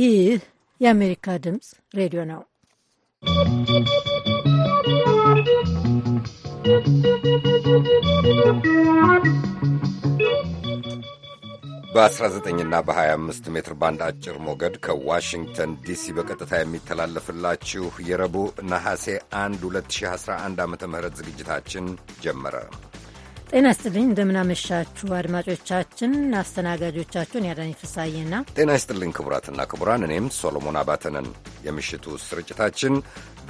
ይህ የአሜሪካ ድምፅ ሬዲዮ ነው። በ19 እና በ25 ሜትር ባንድ አጭር ሞገድ ከዋሽንግተን ዲሲ በቀጥታ የሚተላለፍላችሁ የረቡዕ ነሐሴ 1 2011 ዓ ም ዝግጅታችን ጀመረ። ጤና ይስጥልኝ። እንደምናመሻችሁ አድማጮቻችን። አስተናጋጆቻችሁን ያዳኝ ፍሳዬና ጤና ይስጥልኝ ክቡራትና ክቡራን፣ እኔም ሶሎሞን አባተነን። የምሽቱ ስርጭታችን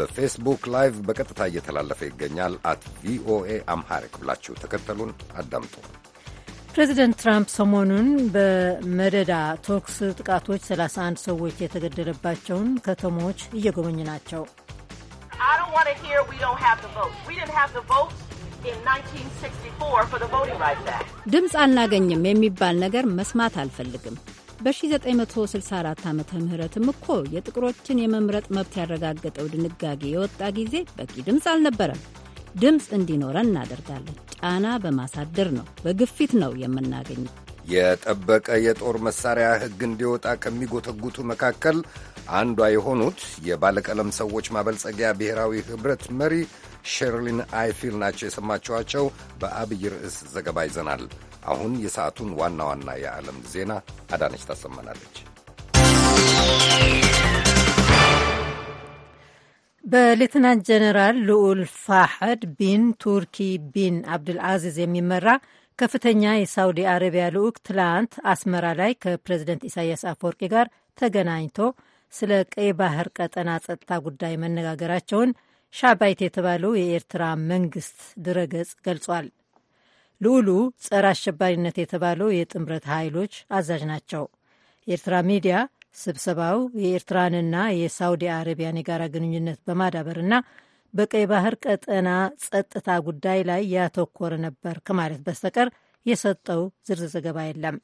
በፌስቡክ ላይቭ በቀጥታ እየተላለፈ ይገኛል። አት ቪኦኤ አምሃሪክ ብላችሁ ተከተሉን አዳምጡ። ፕሬዚደንት ትራምፕ ሰሞኑን በመደዳ ቶክስ ጥቃቶች 31 ሰዎች የተገደለባቸውን ከተሞች እየጎበኙ ናቸው። ድምፅ አናገኝም የሚባል ነገር መስማት አልፈልግም። በ1964 ዓ ምህረትም እኮ የጥቁሮችን የመምረጥ መብት ያረጋገጠው ድንጋጌ የወጣ ጊዜ በቂ ድምፅ አልነበረም። ድምፅ እንዲኖረን እናደርጋለን። ጫና በማሳደር ነው፣ በግፊት ነው የምናገኘው። የጠበቀ የጦር መሳሪያ ሕግ እንዲወጣ ከሚጎተጉቱ መካከል አንዷ የሆኑት የባለቀለም ሰዎች ማበልጸጊያ ብሔራዊ ኅብረት መሪ ሼርሊን አይፊል ናቸው የሰማችኋቸው። በአብይ ርዕስ ዘገባ ይዘናል። አሁን የሰዓቱን ዋና ዋና የዓለም ዜና አዳነች ታሰማናለች። በሌትናንት ጀነራል ልዑል ፋሐድ ቢን ቱርኪ ቢን አብድልአዚዝ የሚመራ ከፍተኛ የሳውዲ አረቢያ ልዑክ ትላንት አስመራ ላይ ከፕሬዚደንት ኢሳያስ አፈወርቂ ጋር ተገናኝቶ ስለ ቀይ ባህር ቀጠና ጸጥታ ጉዳይ መነጋገራቸውን ሻባይት የተባለው የኤርትራ መንግስት ድረገጽ ገልጿል። ልዑሉ ጸረ አሸባሪነት የተባለው የጥምረት ኃይሎች አዛዥ ናቸው። የኤርትራ ሚዲያ ስብሰባው የኤርትራንና የሳውዲ አረቢያን የጋራ ግንኙነት በማዳበርና በቀይ ባህር ቀጠና ጸጥታ ጉዳይ ላይ ያተኮረ ነበር ከማለት በስተቀር የሰጠው ዝርዝር ዘገባ የለም።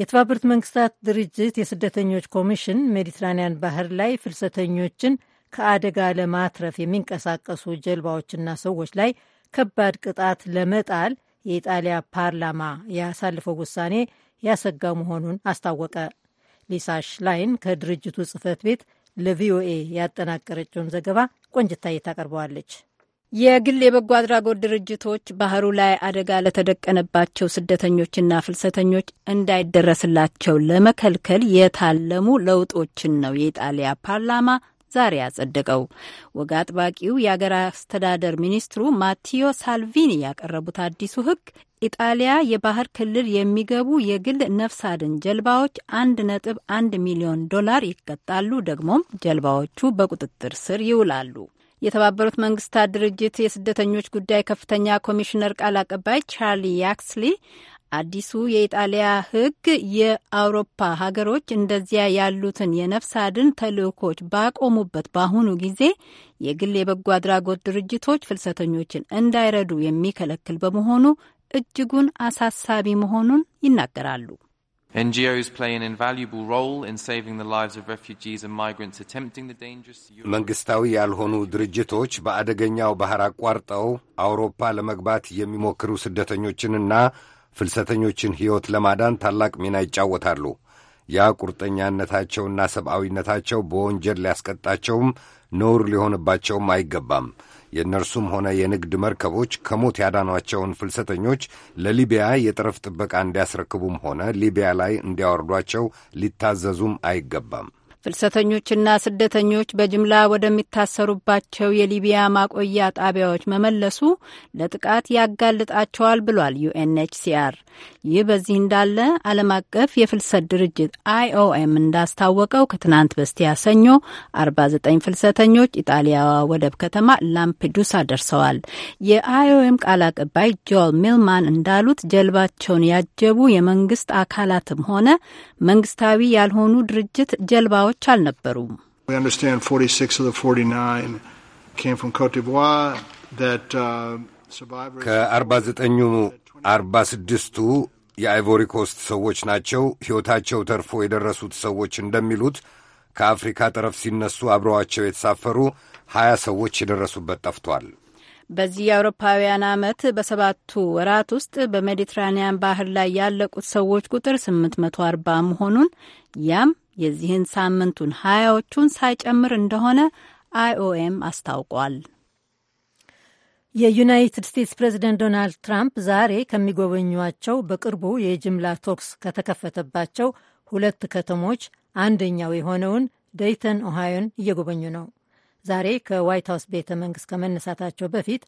የተባበሩት መንግስታት ድርጅት የስደተኞች ኮሚሽን ሜዲትራንያን ባህር ላይ ፍልሰተኞችን ከአደጋ ለማትረፍ የሚንቀሳቀሱ ጀልባዎችና ሰዎች ላይ ከባድ ቅጣት ለመጣል የኢጣሊያ ፓርላማ ያሳልፈው ውሳኔ ያሰጋ መሆኑን አስታወቀ። ሊሳ ሽላይን ከድርጅቱ ጽህፈት ቤት ለቪኦኤ ያጠናቀረችውን ዘገባ ቆንጅታዬ ታቀርበዋለች። የግል የበጎ አድራጎት ድርጅቶች ባህሩ ላይ አደጋ ለተደቀነባቸው ስደተኞችና ፍልሰተኞች እንዳይደረስላቸው ለመከልከል የታለሙ ለውጦችን ነው የኢጣሊያ ፓርላማ ዛሬ አጸደቀው። ወግ አጥባቂው የአገር አስተዳደር ሚኒስትሩ ማቲዮ ሳልቪኒ ያቀረቡት አዲሱ ህግ ኢጣሊያ የባህር ክልል የሚገቡ የግል ነፍስ አድን ጀልባዎች አንድ ነጥብ አንድ ሚሊዮን ዶላር ይቀጣሉ። ደግሞም ጀልባዎቹ በቁጥጥር ስር ይውላሉ። የተባበሩት መንግስታት ድርጅት የስደተኞች ጉዳይ ከፍተኛ ኮሚሽነር ቃል አቀባይ ቻርሊ ያክስሊ አዲሱ የኢጣሊያ ሕግ የአውሮፓ ሀገሮች እንደዚያ ያሉትን የነፍስ አድን ተልእኮች ባቆሙበት በአሁኑ ጊዜ የግል የበጎ አድራጎት ድርጅቶች ፍልሰተኞችን እንዳይረዱ የሚከለክል በመሆኑ እጅጉን አሳሳቢ መሆኑን ይናገራሉ። መንግስታዊ ያልሆኑ ድርጅቶች በአደገኛው ባህር አቋርጠው አውሮፓ ለመግባት የሚሞክሩ ስደተኞችንና ፍልሰተኞችን ሕይወት ለማዳን ታላቅ ሚና ይጫወታሉ። ያ ቁርጠኛነታቸውና ሰብአዊነታቸው በወንጀል ሊያስቀጣቸውም ነውር ሊሆንባቸውም አይገባም። የእነርሱም ሆነ የንግድ መርከቦች ከሞት ያዳኗቸውን ፍልሰተኞች ለሊቢያ የጠረፍ ጥበቃ እንዲያስረክቡም ሆነ ሊቢያ ላይ እንዲያወርዷቸው ሊታዘዙም አይገባም። ፍልሰተኞችና ስደተኞች በጅምላ ወደሚታሰሩባቸው የሊቢያ ማቆያ ጣቢያዎች መመለሱ ለጥቃት ያጋልጣቸዋል ብሏል ዩኤንኤችሲአር። ይህ በዚህ እንዳለ ዓለም አቀፍ የፍልሰት ድርጅት አይኦኤም እንዳስታወቀው ከትናንት በስቲያ ሰኞ 49 ፍልሰተኞች ኢጣሊያዋ ወደብ ከተማ ላምፔዱሳ ደርሰዋል። የአይኦኤም ቃል አቀባይ ጆል ሚልማን እንዳሉት ጀልባቸውን ያጀቡ የመንግስት አካላትም ሆነ መንግስታዊ ያልሆኑ ድርጅት ጀልባዎች አልነበሩም። uh, ከ49ኙ አርባ ስድስቱ የአይቮሪ ኮስት ሰዎች ናቸው። ሕይወታቸው ተርፎ የደረሱት ሰዎች እንደሚሉት ከአፍሪካ ጠረፍ ሲነሱ አብረዋቸው የተሳፈሩ ሀያ ሰዎች የደረሱበት ጠፍቷል። በዚህ የአውሮፓውያን ዓመት በሰባቱ ወራት ውስጥ በሜዲትራኒያን ባህር ላይ ያለቁት ሰዎች ቁጥር 840 መሆኑን ያም የዚህን ሳምንቱን ሀያዎቹን ሳይጨምር እንደሆነ አይኦኤም አስታውቋል። የዩናይትድ ስቴትስ ፕሬዚደንት ዶናልድ ትራምፕ ዛሬ ከሚጎበኟቸው በቅርቡ የጅምላ ተኩስ ከተከፈተባቸው ሁለት ከተሞች አንደኛው የሆነውን ደይተን ኦሃዮን እየጎበኙ ነው። ዛሬ ከዋይት ሀውስ ቤተ መንግስት ከመነሳታቸው በፊት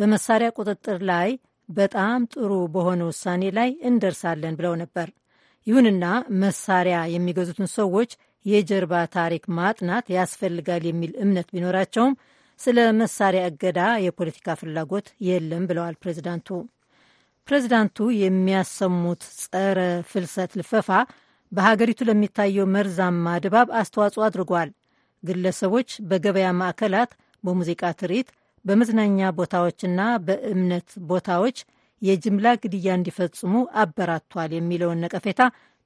በመሳሪያ ቁጥጥር ላይ በጣም ጥሩ በሆነ ውሳኔ ላይ እንደርሳለን ብለው ነበር። ይሁንና መሳሪያ የሚገዙትን ሰዎች የጀርባ ታሪክ ማጥናት ያስፈልጋል የሚል እምነት ቢኖራቸውም ስለ መሳሪያ እገዳ የፖለቲካ ፍላጎት የለም ብለዋል ፕሬዚዳንቱ። ፕሬዚዳንቱ የሚያሰሙት ጸረ ፍልሰት ልፈፋ በሀገሪቱ ለሚታየው መርዛማ ድባብ አስተዋጽኦ አድርጓል። ግለሰቦች በገበያ ማዕከላት፣ በሙዚቃ ትርኢት፣ በመዝናኛ ቦታዎችና በእምነት ቦታዎች የጅምላ ግድያ እንዲፈጽሙ አበራቷል የሚለውን ነቀፌታ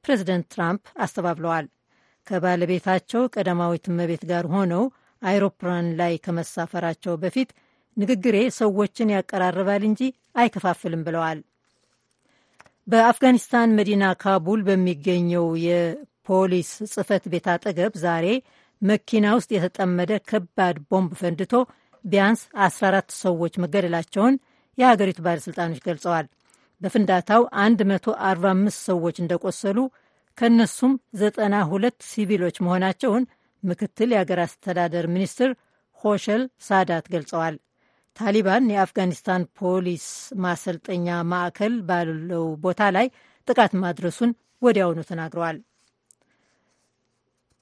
ፕሬዚደንት ትራምፕ አስተባብለዋል። ከባለቤታቸው ቀዳማዊት እመቤት ጋር ሆነው አይሮፕላን ላይ ከመሳፈራቸው በፊት ንግግሬ ሰዎችን ያቀራርባል እንጂ አይከፋፍልም ብለዋል። በአፍጋኒስታን መዲና ካቡል በሚገኘው የፖሊስ ጽህፈት ቤት አጠገብ ዛሬ መኪና ውስጥ የተጠመደ ከባድ ቦምብ ፈንድቶ ቢያንስ 14 ሰዎች መገደላቸውን የሀገሪቱ ባለሥልጣኖች ገልጸዋል። በፍንዳታው 145 ሰዎች እንደቆሰሉ ከእነሱም 92 ሲቪሎች መሆናቸውን ምክትል የአገር አስተዳደር ሚኒስትር ሆሸል ሳዳት ገልጸዋል። ታሊባን የአፍጋኒስታን ፖሊስ ማሰልጠኛ ማዕከል ባለው ቦታ ላይ ጥቃት ማድረሱን ወዲያውኑ ተናግረዋል።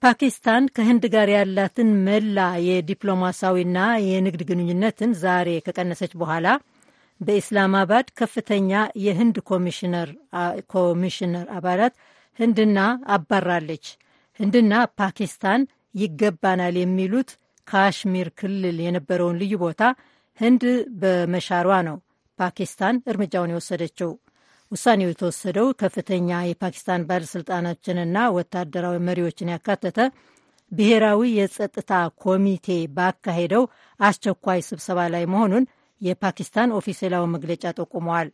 ፓኪስታን ከህንድ ጋር ያላትን መላ የዲፕሎማሲያዊና የንግድ ግንኙነትን ዛሬ ከቀነሰች በኋላ በኢስላማባድ ከፍተኛ የህንድ ኮሚሽነር አባላት ህንድና አባራለች። ህንድና ፓኪስታን ይገባናል የሚሉት ካሽሚር ክልል የነበረውን ልዩ ቦታ ህንድ በመሻሯ ነው ፓኪስታን እርምጃውን የወሰደችው። ውሳኔው የተወሰደው ከፍተኛ የፓኪስታን ባለሥልጣኖችንና ወታደራዊ መሪዎችን ያካተተ ብሔራዊ የጸጥታ ኮሚቴ ባካሄደው አስቸኳይ ስብሰባ ላይ መሆኑን የፓኪስታን ኦፊሴላዊ መግለጫ ጠቁመዋል።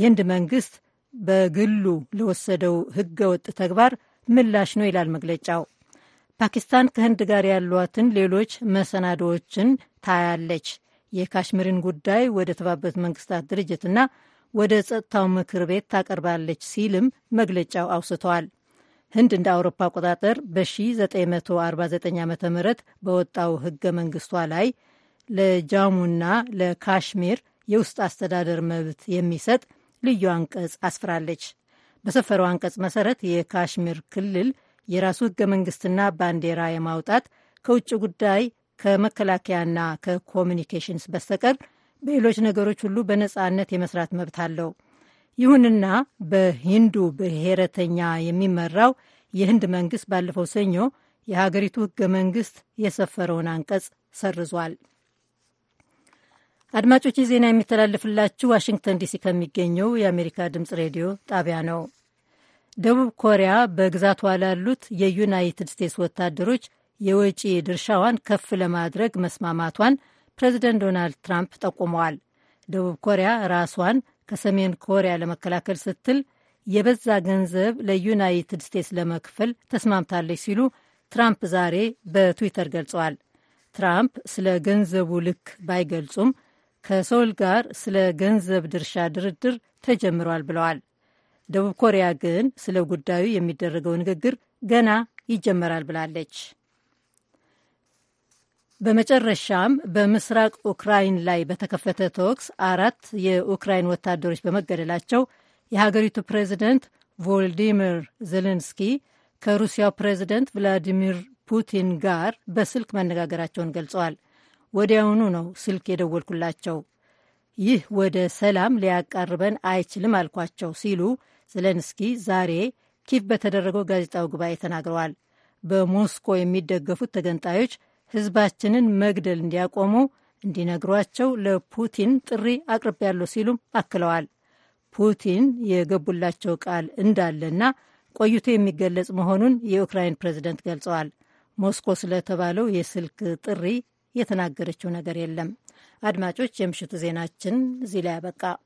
የህንድ መንግስት በግሉ ለወሰደው ህገወጥ ተግባር ምላሽ ነው ይላል መግለጫው። ፓኪስታን ከህንድ ጋር ያሏትን ሌሎች መሰናዶዎችን ታያለች። የካሽሚርን ጉዳይ ወደ ተባበሩት መንግስታት ድርጅትና ወደ ጸጥታው ምክር ቤት ታቀርባለች ሲልም መግለጫው አውስተዋል። ህንድ እንደ አውሮፓ አቆጣጠር በ1949 ዓ ም በወጣው ህገ መንግስቷ ላይ ለጃሙና ለካሽሚር የውስጥ አስተዳደር መብት የሚሰጥ ልዩ አንቀጽ አስፍራለች። በሰፈረው አንቀጽ መሰረት የካሽሚር ክልል የራሱ ህገ መንግስትና ባንዲራ የማውጣት ከውጭ ጉዳይ ከመከላከያና ከኮሚኒኬሽንስ በስተቀር በሌሎች ነገሮች ሁሉ በነፃነት የመስራት መብት አለው። ይሁንና በሂንዱ ብሔረተኛ የሚመራው የህንድ መንግስት ባለፈው ሰኞ የሀገሪቱ ህገ መንግስት የሰፈረውን አንቀጽ ሰርዟል። አድማጮች ዜና የሚተላለፍላችሁ ዋሽንግተን ዲሲ ከሚገኘው የአሜሪካ ድምጽ ሬዲዮ ጣቢያ ነው። ደቡብ ኮሪያ በግዛቷ ላሉት የዩናይትድ ስቴትስ ወታደሮች የወጪ ድርሻዋን ከፍ ለማድረግ መስማማቷን ፕሬዚደንት ዶናልድ ትራምፕ ጠቁመዋል። ደቡብ ኮሪያ ራሷን ከሰሜን ኮሪያ ለመከላከል ስትል የበዛ ገንዘብ ለዩናይትድ ስቴትስ ለመክፈል ተስማምታለች ሲሉ ትራምፕ ዛሬ በትዊተር ገልጸዋል። ትራምፕ ስለ ገንዘቡ ልክ ባይገልጹም ከሶል ጋር ስለ ገንዘብ ድርሻ ድርድር ተጀምሯል ብለዋል። ደቡብ ኮሪያ ግን ስለ ጉዳዩ የሚደረገው ንግግር ገና ይጀመራል ብላለች። በመጨረሻም በምስራቅ ኡክራይን ላይ በተከፈተ ተኩስ አራት የኡክራይን ወታደሮች በመገደላቸው የሀገሪቱ ፕሬዚደንት ቮልዲሚር ዜሌንስኪ ከሩሲያው ፕሬዚደንት ቭላዲሚር ፑቲን ጋር በስልክ መነጋገራቸውን ገልጸዋል። ወዲያውኑ ነው ስልክ የደወልኩላቸው። ይህ ወደ ሰላም ሊያቃርበን አይችልም አልኳቸው ሲሉ ዘሌንስኪ ዛሬ ኪቭ በተደረገው ጋዜጣዊ ጉባኤ ተናግረዋል። በሞስኮ የሚደገፉት ተገንጣዮች ህዝባችንን መግደል እንዲያቆሙ እንዲነግሯቸው ለፑቲን ጥሪ አቅርቤያለሁ ሲሉም አክለዋል። ፑቲን የገቡላቸው ቃል እንዳለና ቆይቶ የሚገለጽ መሆኑን የዩክራይን ፕሬዝደንት ገልጸዋል። ሞስኮ ስለተባለው የስልክ ጥሪ የተናገረችው ነገር የለም። አድማጮች፣ የምሽቱ ዜናችን እዚህ ላይ ያበቃ።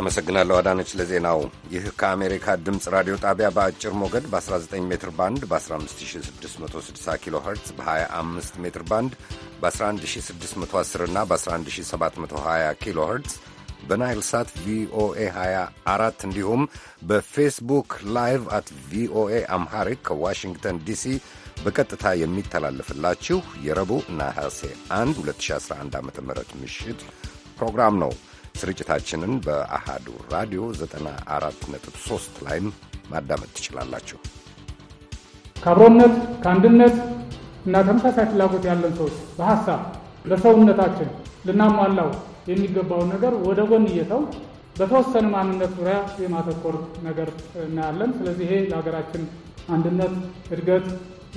አመሰግናለሁ አዳነች ለዜናው። ይህ ከአሜሪካ ድምፅ ራዲዮ ጣቢያ በአጭር ሞገድ በ19 ሜትር ባንድ በ15660 ኪሎ ኸርትዝ በ25 ሜትር ባንድ በ11610 እና በ11720 ኪሎ ኸርትዝ በናይል ሳት ቪኦኤ 24 እንዲሁም በፌስቡክ ላይቭ አት ቪኦኤ አምሃሪክ ከዋሽንግተን ዲሲ በቀጥታ የሚተላለፍላችሁ የረቡዕ ነሐሴ 1 2011 ዓ ም ምሽት ፕሮግራም ነው። ስርጭታችንን በአሃዱ ራዲዮ 94.3 ላይም ማዳመጥ ትችላላችሁ። ከአብሮነት ከአንድነት እና ተመሳሳይ ፍላጎት ያለን ሰዎች በሀሳብ በሰውነታችን ልናሟላው የሚገባውን ነገር ወደ ጎን እየተው በተወሰነ ማንነት ዙሪያ የማተኮር ነገር እናያለን። ስለዚህ ይሄ ለሀገራችን አንድነት፣ እድገት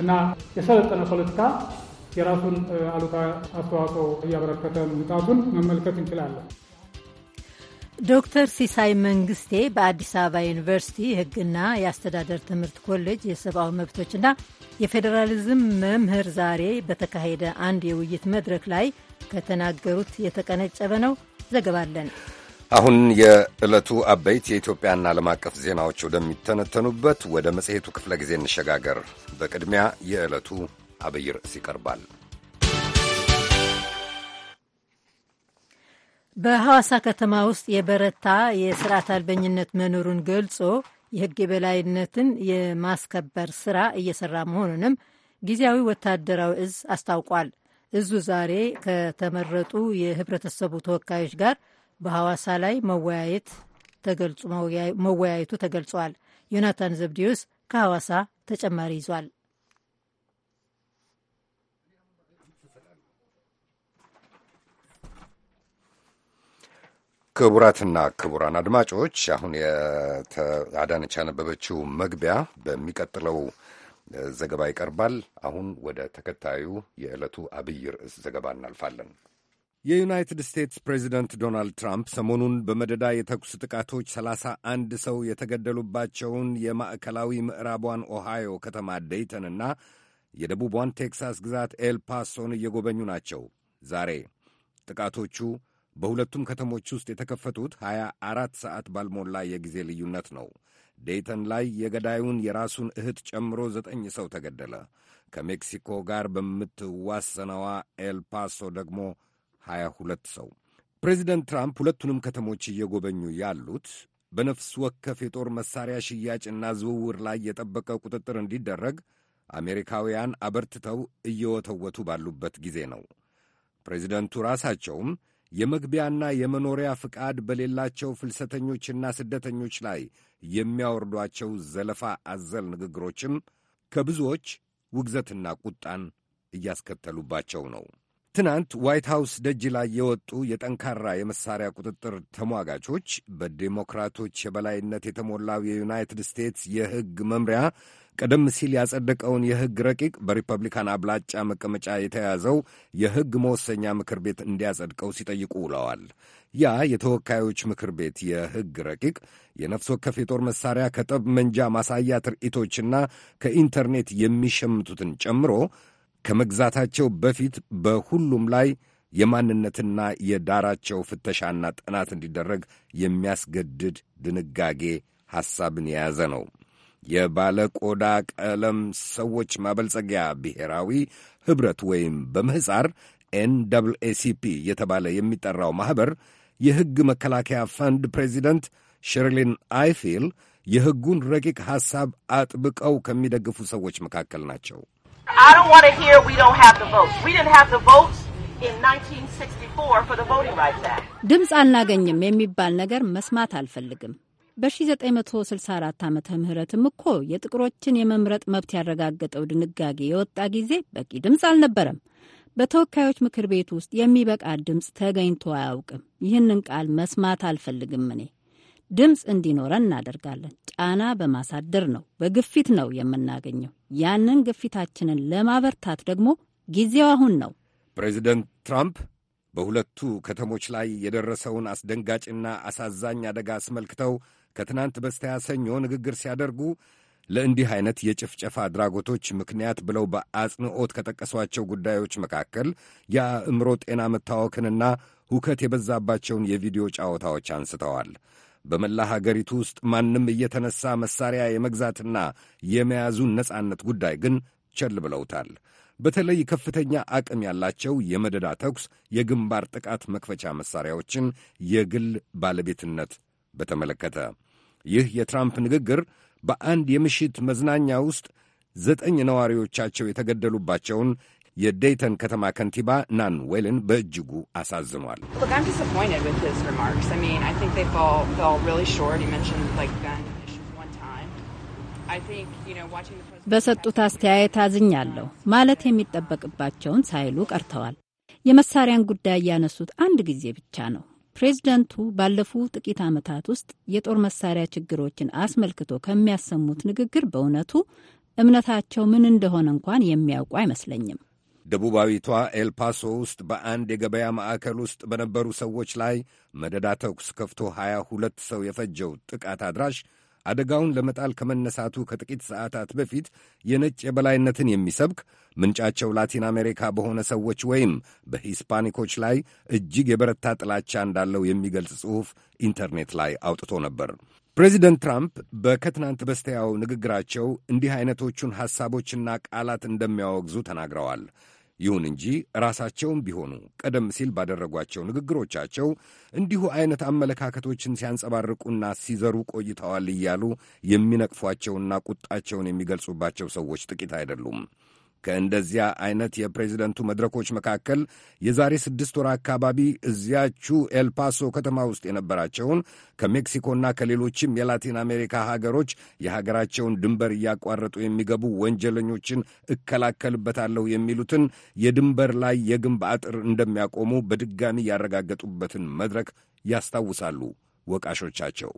እና የሰለጠነ ፖለቲካ የራሱን አሉታዊ አስተዋጽኦ እያበረከተ መምጣቱን መመልከት እንችላለን። ዶክተር ሲሳይ መንግስቴ በአዲስ አበባ ዩኒቨርሲቲ ህግና የአስተዳደር ትምህርት ኮሌጅ የሰብአዊ መብቶችና የፌዴራሊዝም መምህር ዛሬ በተካሄደ አንድ የውይይት መድረክ ላይ ከተናገሩት የተቀነጨበ ነው። ዘገባለን። አሁን የዕለቱ አበይት የኢትዮጵያና ዓለም አቀፍ ዜናዎች ወደሚተነተኑበት ወደ መጽሔቱ ክፍለ ጊዜ እንሸጋገር። በቅድሚያ የዕለቱ አብይ ርዕስ ይቀርባል። በሐዋሳ ከተማ ውስጥ የበረታ የስርዓት አልበኝነት መኖሩን ገልጾ የህግ የበላይነትን የማስከበር ስራ እየሰራ መሆኑንም ጊዜያዊ ወታደራዊ እዝ አስታውቋል። እዙ ዛሬ ከተመረጡ የህብረተሰቡ ተወካዮች ጋር በሐዋሳ ላይ መወያየቱ ተገልጿል። ዮናታን ዘብዲዮስ ከሐዋሳ ተጨማሪ ይዟል። ክቡራትና ክቡራን አድማጮች አሁን አዳነች ያነበበችው መግቢያ በሚቀጥለው ዘገባ ይቀርባል። አሁን ወደ ተከታዩ የዕለቱ አብይ ርዕስ ዘገባ እናልፋለን። የዩናይትድ ስቴትስ ፕሬዚደንት ዶናልድ ትራምፕ ሰሞኑን በመደዳ የተኩስ ጥቃቶች ሰላሳ አንድ ሰው የተገደሉባቸውን የማዕከላዊ ምዕራቧን ኦሃዮ ከተማ ደይተንና የደቡቧን ቴክሳስ ግዛት ኤልፓሶን እየጎበኙ ናቸው ዛሬ ጥቃቶቹ በሁለቱም ከተሞች ውስጥ የተከፈቱት 24 ሰዓት ባልሞላ የጊዜ ልዩነት ነው። ዴይተን ላይ የገዳዩን የራሱን እህት ጨምሮ ዘጠኝ ሰው ተገደለ። ከሜክሲኮ ጋር በምትዋሰነዋ ኤልፓሶ ደግሞ 22 ሰው። ፕሬዚደንት ትራምፕ ሁለቱንም ከተሞች እየጎበኙ ያሉት በነፍስ ወከፍ የጦር መሳሪያ ሽያጭና ዝውውር ላይ የጠበቀ ቁጥጥር እንዲደረግ አሜሪካውያን አበርትተው እየወተወቱ ባሉበት ጊዜ ነው። ፕሬዚደንቱ ራሳቸውም የመግቢያና የመኖሪያ ፍቃድ በሌላቸው ፍልሰተኞችና ስደተኞች ላይ የሚያወርዷቸው ዘለፋ አዘል ንግግሮችም ከብዙዎች ውግዘትና ቁጣን እያስከተሉባቸው ነው። ትናንት ዋይት ሃውስ ደጅ ላይ የወጡ የጠንካራ የመሳሪያ ቁጥጥር ተሟጋቾች በዴሞክራቶች የበላይነት የተሞላው የዩናይትድ ስቴትስ የሕግ መምሪያ ቀደም ሲል ያጸደቀውን የሕግ ረቂቅ በሪፐብሊካን አብላጫ መቀመጫ የተያዘው የሕግ መወሰኛ ምክር ቤት እንዲያጸድቀው ሲጠይቁ ውለዋል። ያ የተወካዮች ምክር ቤት የሕግ ረቂቅ የነፍስ ወከፍ የጦር መሳሪያ ከጠብ መንጃ ማሳያ ትርኢቶችና ከኢንተርኔት የሚሸምቱትን ጨምሮ ከመግዛታቸው በፊት በሁሉም ላይ የማንነትና የዳራቸው ፍተሻና ጥናት እንዲደረግ የሚያስገድድ ድንጋጌ ሐሳብን የያዘ ነው። የባለቆዳ ቀለም ሰዎች ማበልጸጊያ ብሔራዊ ኅብረት ወይም በምሕፃር ኤንኤሲፒ እየተባለ የሚጠራው ማኅበር የሕግ መከላከያ ፈንድ ፕሬዚደንት ሸርሊን አይፊል የሕጉን ረቂቅ ሐሳብ አጥብቀው ከሚደግፉ ሰዎች መካከል ናቸው። ድምፅ አናገኝም የሚባል ነገር መስማት አልፈልግም። በ1964 ዓ ምህረትም እኮ የጥቁሮችን የመምረጥ መብት ያረጋገጠው ድንጋጌ የወጣ ጊዜ በቂ ድምፅ አልነበረም። በተወካዮች ምክር ቤት ውስጥ የሚበቃ ድምፅ ተገኝቶ አያውቅም። ይህንን ቃል መስማት አልፈልግም እኔ። ድምፅ እንዲኖረን እናደርጋለን። ጫና በማሳደር ነው፣ በግፊት ነው የምናገኘው። ያንን ግፊታችንን ለማበርታት ደግሞ ጊዜው አሁን ነው። ፕሬዚደንት ትራምፕ በሁለቱ ከተሞች ላይ የደረሰውን አስደንጋጭና አሳዛኝ አደጋ አስመልክተው ከትናንት በስቲያ ሰኞ ንግግር ሲያደርጉ ለእንዲህ አይነት የጭፍጨፋ አድራጎቶች ምክንያት ብለው በአጽንዖት ከጠቀሷቸው ጉዳዮች መካከል የአእምሮ ጤና መታወክንና ሁከት የበዛባቸውን የቪዲዮ ጨዋታዎች አንስተዋል። በመላ ሀገሪቱ ውስጥ ማንም እየተነሳ መሳሪያ የመግዛትና የመያዙን ነጻነት ጉዳይ ግን ቸል ብለውታል። በተለይ ከፍተኛ አቅም ያላቸው የመደዳ ተኩስ፣ የግንባር ጥቃት መክፈቻ መሳሪያዎችን የግል ባለቤትነት በተመለከተ ይህ የትራምፕ ንግግር በአንድ የምሽት መዝናኛ ውስጥ ዘጠኝ ነዋሪዎቻቸው የተገደሉባቸውን የዴይተን ከተማ ከንቲባ ናን ዌልን በእጅጉ አሳዝኗል። በሰጡት አስተያየት አዝኛለሁ። ማለት የሚጠበቅባቸውን ሳይሉ ቀርተዋል። የመሳሪያን ጉዳይ ያነሱት አንድ ጊዜ ብቻ ነው። ፕሬዚደንቱ ባለፉ ጥቂት ዓመታት ውስጥ የጦር መሳሪያ ችግሮችን አስመልክቶ ከሚያሰሙት ንግግር በእውነቱ እምነታቸው ምን እንደሆነ እንኳን የሚያውቁ አይመስለኝም። ደቡባዊቷ ኤልፓሶ ውስጥ በአንድ የገበያ ማዕከል ውስጥ በነበሩ ሰዎች ላይ መደዳ ተኩስ ከፍቶ ሃያ ሁለት ሰው የፈጀው ጥቃት አድራሽ አደጋውን ለመጣል ከመነሳቱ ከጥቂት ሰዓታት በፊት የነጭ የበላይነትን የሚሰብክ ምንጫቸው ላቲን አሜሪካ በሆነ ሰዎች ወይም በሂስፓኒኮች ላይ እጅግ የበረታ ጥላቻ እንዳለው የሚገልጽ ጽሑፍ ኢንተርኔት ላይ አውጥቶ ነበር። ፕሬዚደንት ትራምፕ በከትናንት በስቲያው ንግግራቸው እንዲህ አይነቶቹን ሐሳቦችና ቃላት እንደሚያወግዙ ተናግረዋል። ይሁን እንጂ ራሳቸውም ቢሆኑ ቀደም ሲል ባደረጓቸው ንግግሮቻቸው እንዲሁ አይነት አመለካከቶችን ሲያንጸባርቁና ሲዘሩ ቆይተዋል እያሉ የሚነቅፏቸውና ቁጣቸውን የሚገልጹባቸው ሰዎች ጥቂት አይደሉም። ከእንደዚያ አይነት የፕሬዚደንቱ መድረኮች መካከል የዛሬ ስድስት ወር አካባቢ እዚያችሁ ኤልፓሶ ከተማ ውስጥ የነበራቸውን ከሜክሲኮና ከሌሎችም የላቲን አሜሪካ ሀገሮች የሀገራቸውን ድንበር እያቋረጡ የሚገቡ ወንጀለኞችን እከላከልበታለሁ የሚሉትን የድንበር ላይ የግንብ አጥር እንደሚያቆሙ በድጋሚ ያረጋገጡበትን መድረክ ያስታውሳሉ ወቃሾቻቸው።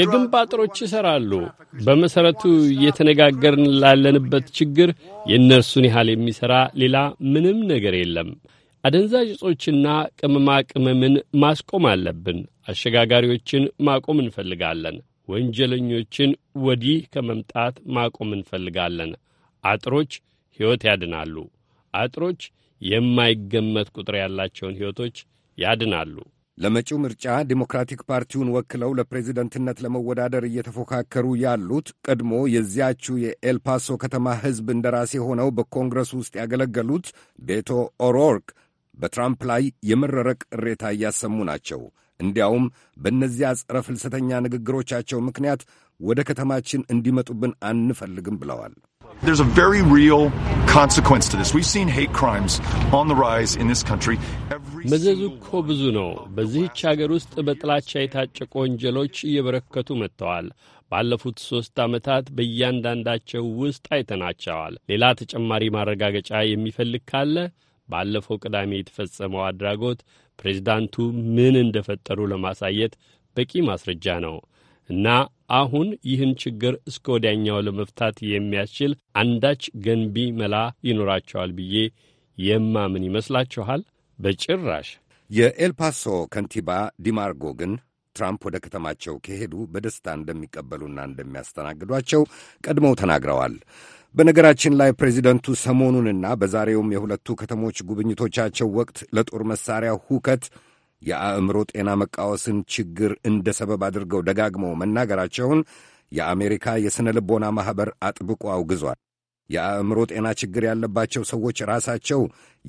የግንብ አጥሮች ይሠራሉ። በመሠረቱ እየተነጋገርን ላለንበት ችግር የእነርሱን ያህል የሚሠራ ሌላ ምንም ነገር የለም። አደንዛዥ እጾችና ቅመማ ቅመምን ማስቆም አለብን። አሸጋጋሪዎችን ማቆም እንፈልጋለን። ወንጀለኞችን ወዲህ ከመምጣት ማቆም እንፈልጋለን። አጥሮች ሕይወት ያድናሉ። አጥሮች የማይገመት ቁጥር ያላቸውን ሕይወቶች ያድናሉ። ለመጪው ምርጫ ዲሞክራቲክ ፓርቲውን ወክለው ለፕሬዚደንትነት ለመወዳደር እየተፎካከሩ ያሉት ቀድሞ የዚያችው የኤልፓሶ ከተማ ሕዝብ እንደራሴ ሆነው በኮንግረስ ውስጥ ያገለገሉት ቤቶ ኦሮርክ በትራምፕ ላይ የመረረ ቅሬታ እያሰሙ ናቸው። እንዲያውም በእነዚያ ጸረ ፍልሰተኛ ንግግሮቻቸው ምክንያት ወደ ከተማችን እንዲመጡብን አንፈልግም ብለዋል። መዘዙ እኮ ብዙ ነው። በዚህች አገር ውስጥ በጥላቻ የታጨቁ ወንጀሎች እየበረከቱ መጥተዋል። ባለፉት ሦስት ዓመታት በእያንዳንዳቸው ውስጥ አይተናቸዋል። ሌላ ተጨማሪ ማረጋገጫ የሚፈልግ ካለ ባለፈው ቅዳሜ የተፈጸመው አድራጎት ፕሬዚዳንቱ ምን እንደፈጠሩ ለማሳየት በቂ ማስረጃ ነው። እና አሁን ይህን ችግር እስከ ወዲያኛው ለመፍታት የሚያስችል አንዳች ገንቢ መላ ይኖራቸዋል ብዬ የማምን ይመስላችኋል? በጭራሽ። የኤልፓሶ ከንቲባ ዲማርጎ ግን ትራምፕ ወደ ከተማቸው ከሄዱ በደስታ እንደሚቀበሉና እንደሚያስተናግዷቸው ቀድመው ተናግረዋል። በነገራችን ላይ ፕሬዚደንቱ ሰሞኑንና በዛሬውም የሁለቱ ከተሞች ጉብኝቶቻቸው ወቅት ለጦር መሳሪያ ሁከት የአእምሮ ጤና መቃወስን ችግር እንደ ሰበብ አድርገው ደጋግመው መናገራቸውን የአሜሪካ የሥነ ልቦና ማኅበር አጥብቆ አውግዟል። የአእምሮ ጤና ችግር ያለባቸው ሰዎች ራሳቸው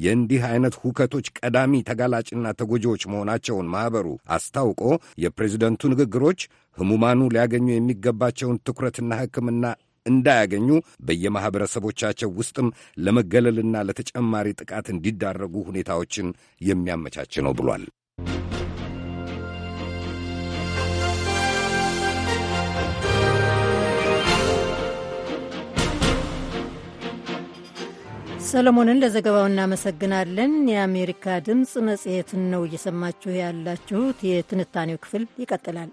የእንዲህ አይነት ሁከቶች ቀዳሚ ተጋላጭና ተጎጂዎች መሆናቸውን ማኅበሩ አስታውቆ የፕሬዚደንቱ ንግግሮች ሕሙማኑ ሊያገኙ የሚገባቸውን ትኩረትና ሕክምና እንዳያገኙ በየማኅበረሰቦቻቸው ውስጥም ለመገለልና ለተጨማሪ ጥቃት እንዲዳረጉ ሁኔታዎችን የሚያመቻች ነው ብሏል። ሰለሞንን ለዘገባው እናመሰግናለን። የአሜሪካ ድምፅ መጽሔትን ነው እየሰማችሁ ያላችሁት። የትንታኔው ክፍል ይቀጥላል።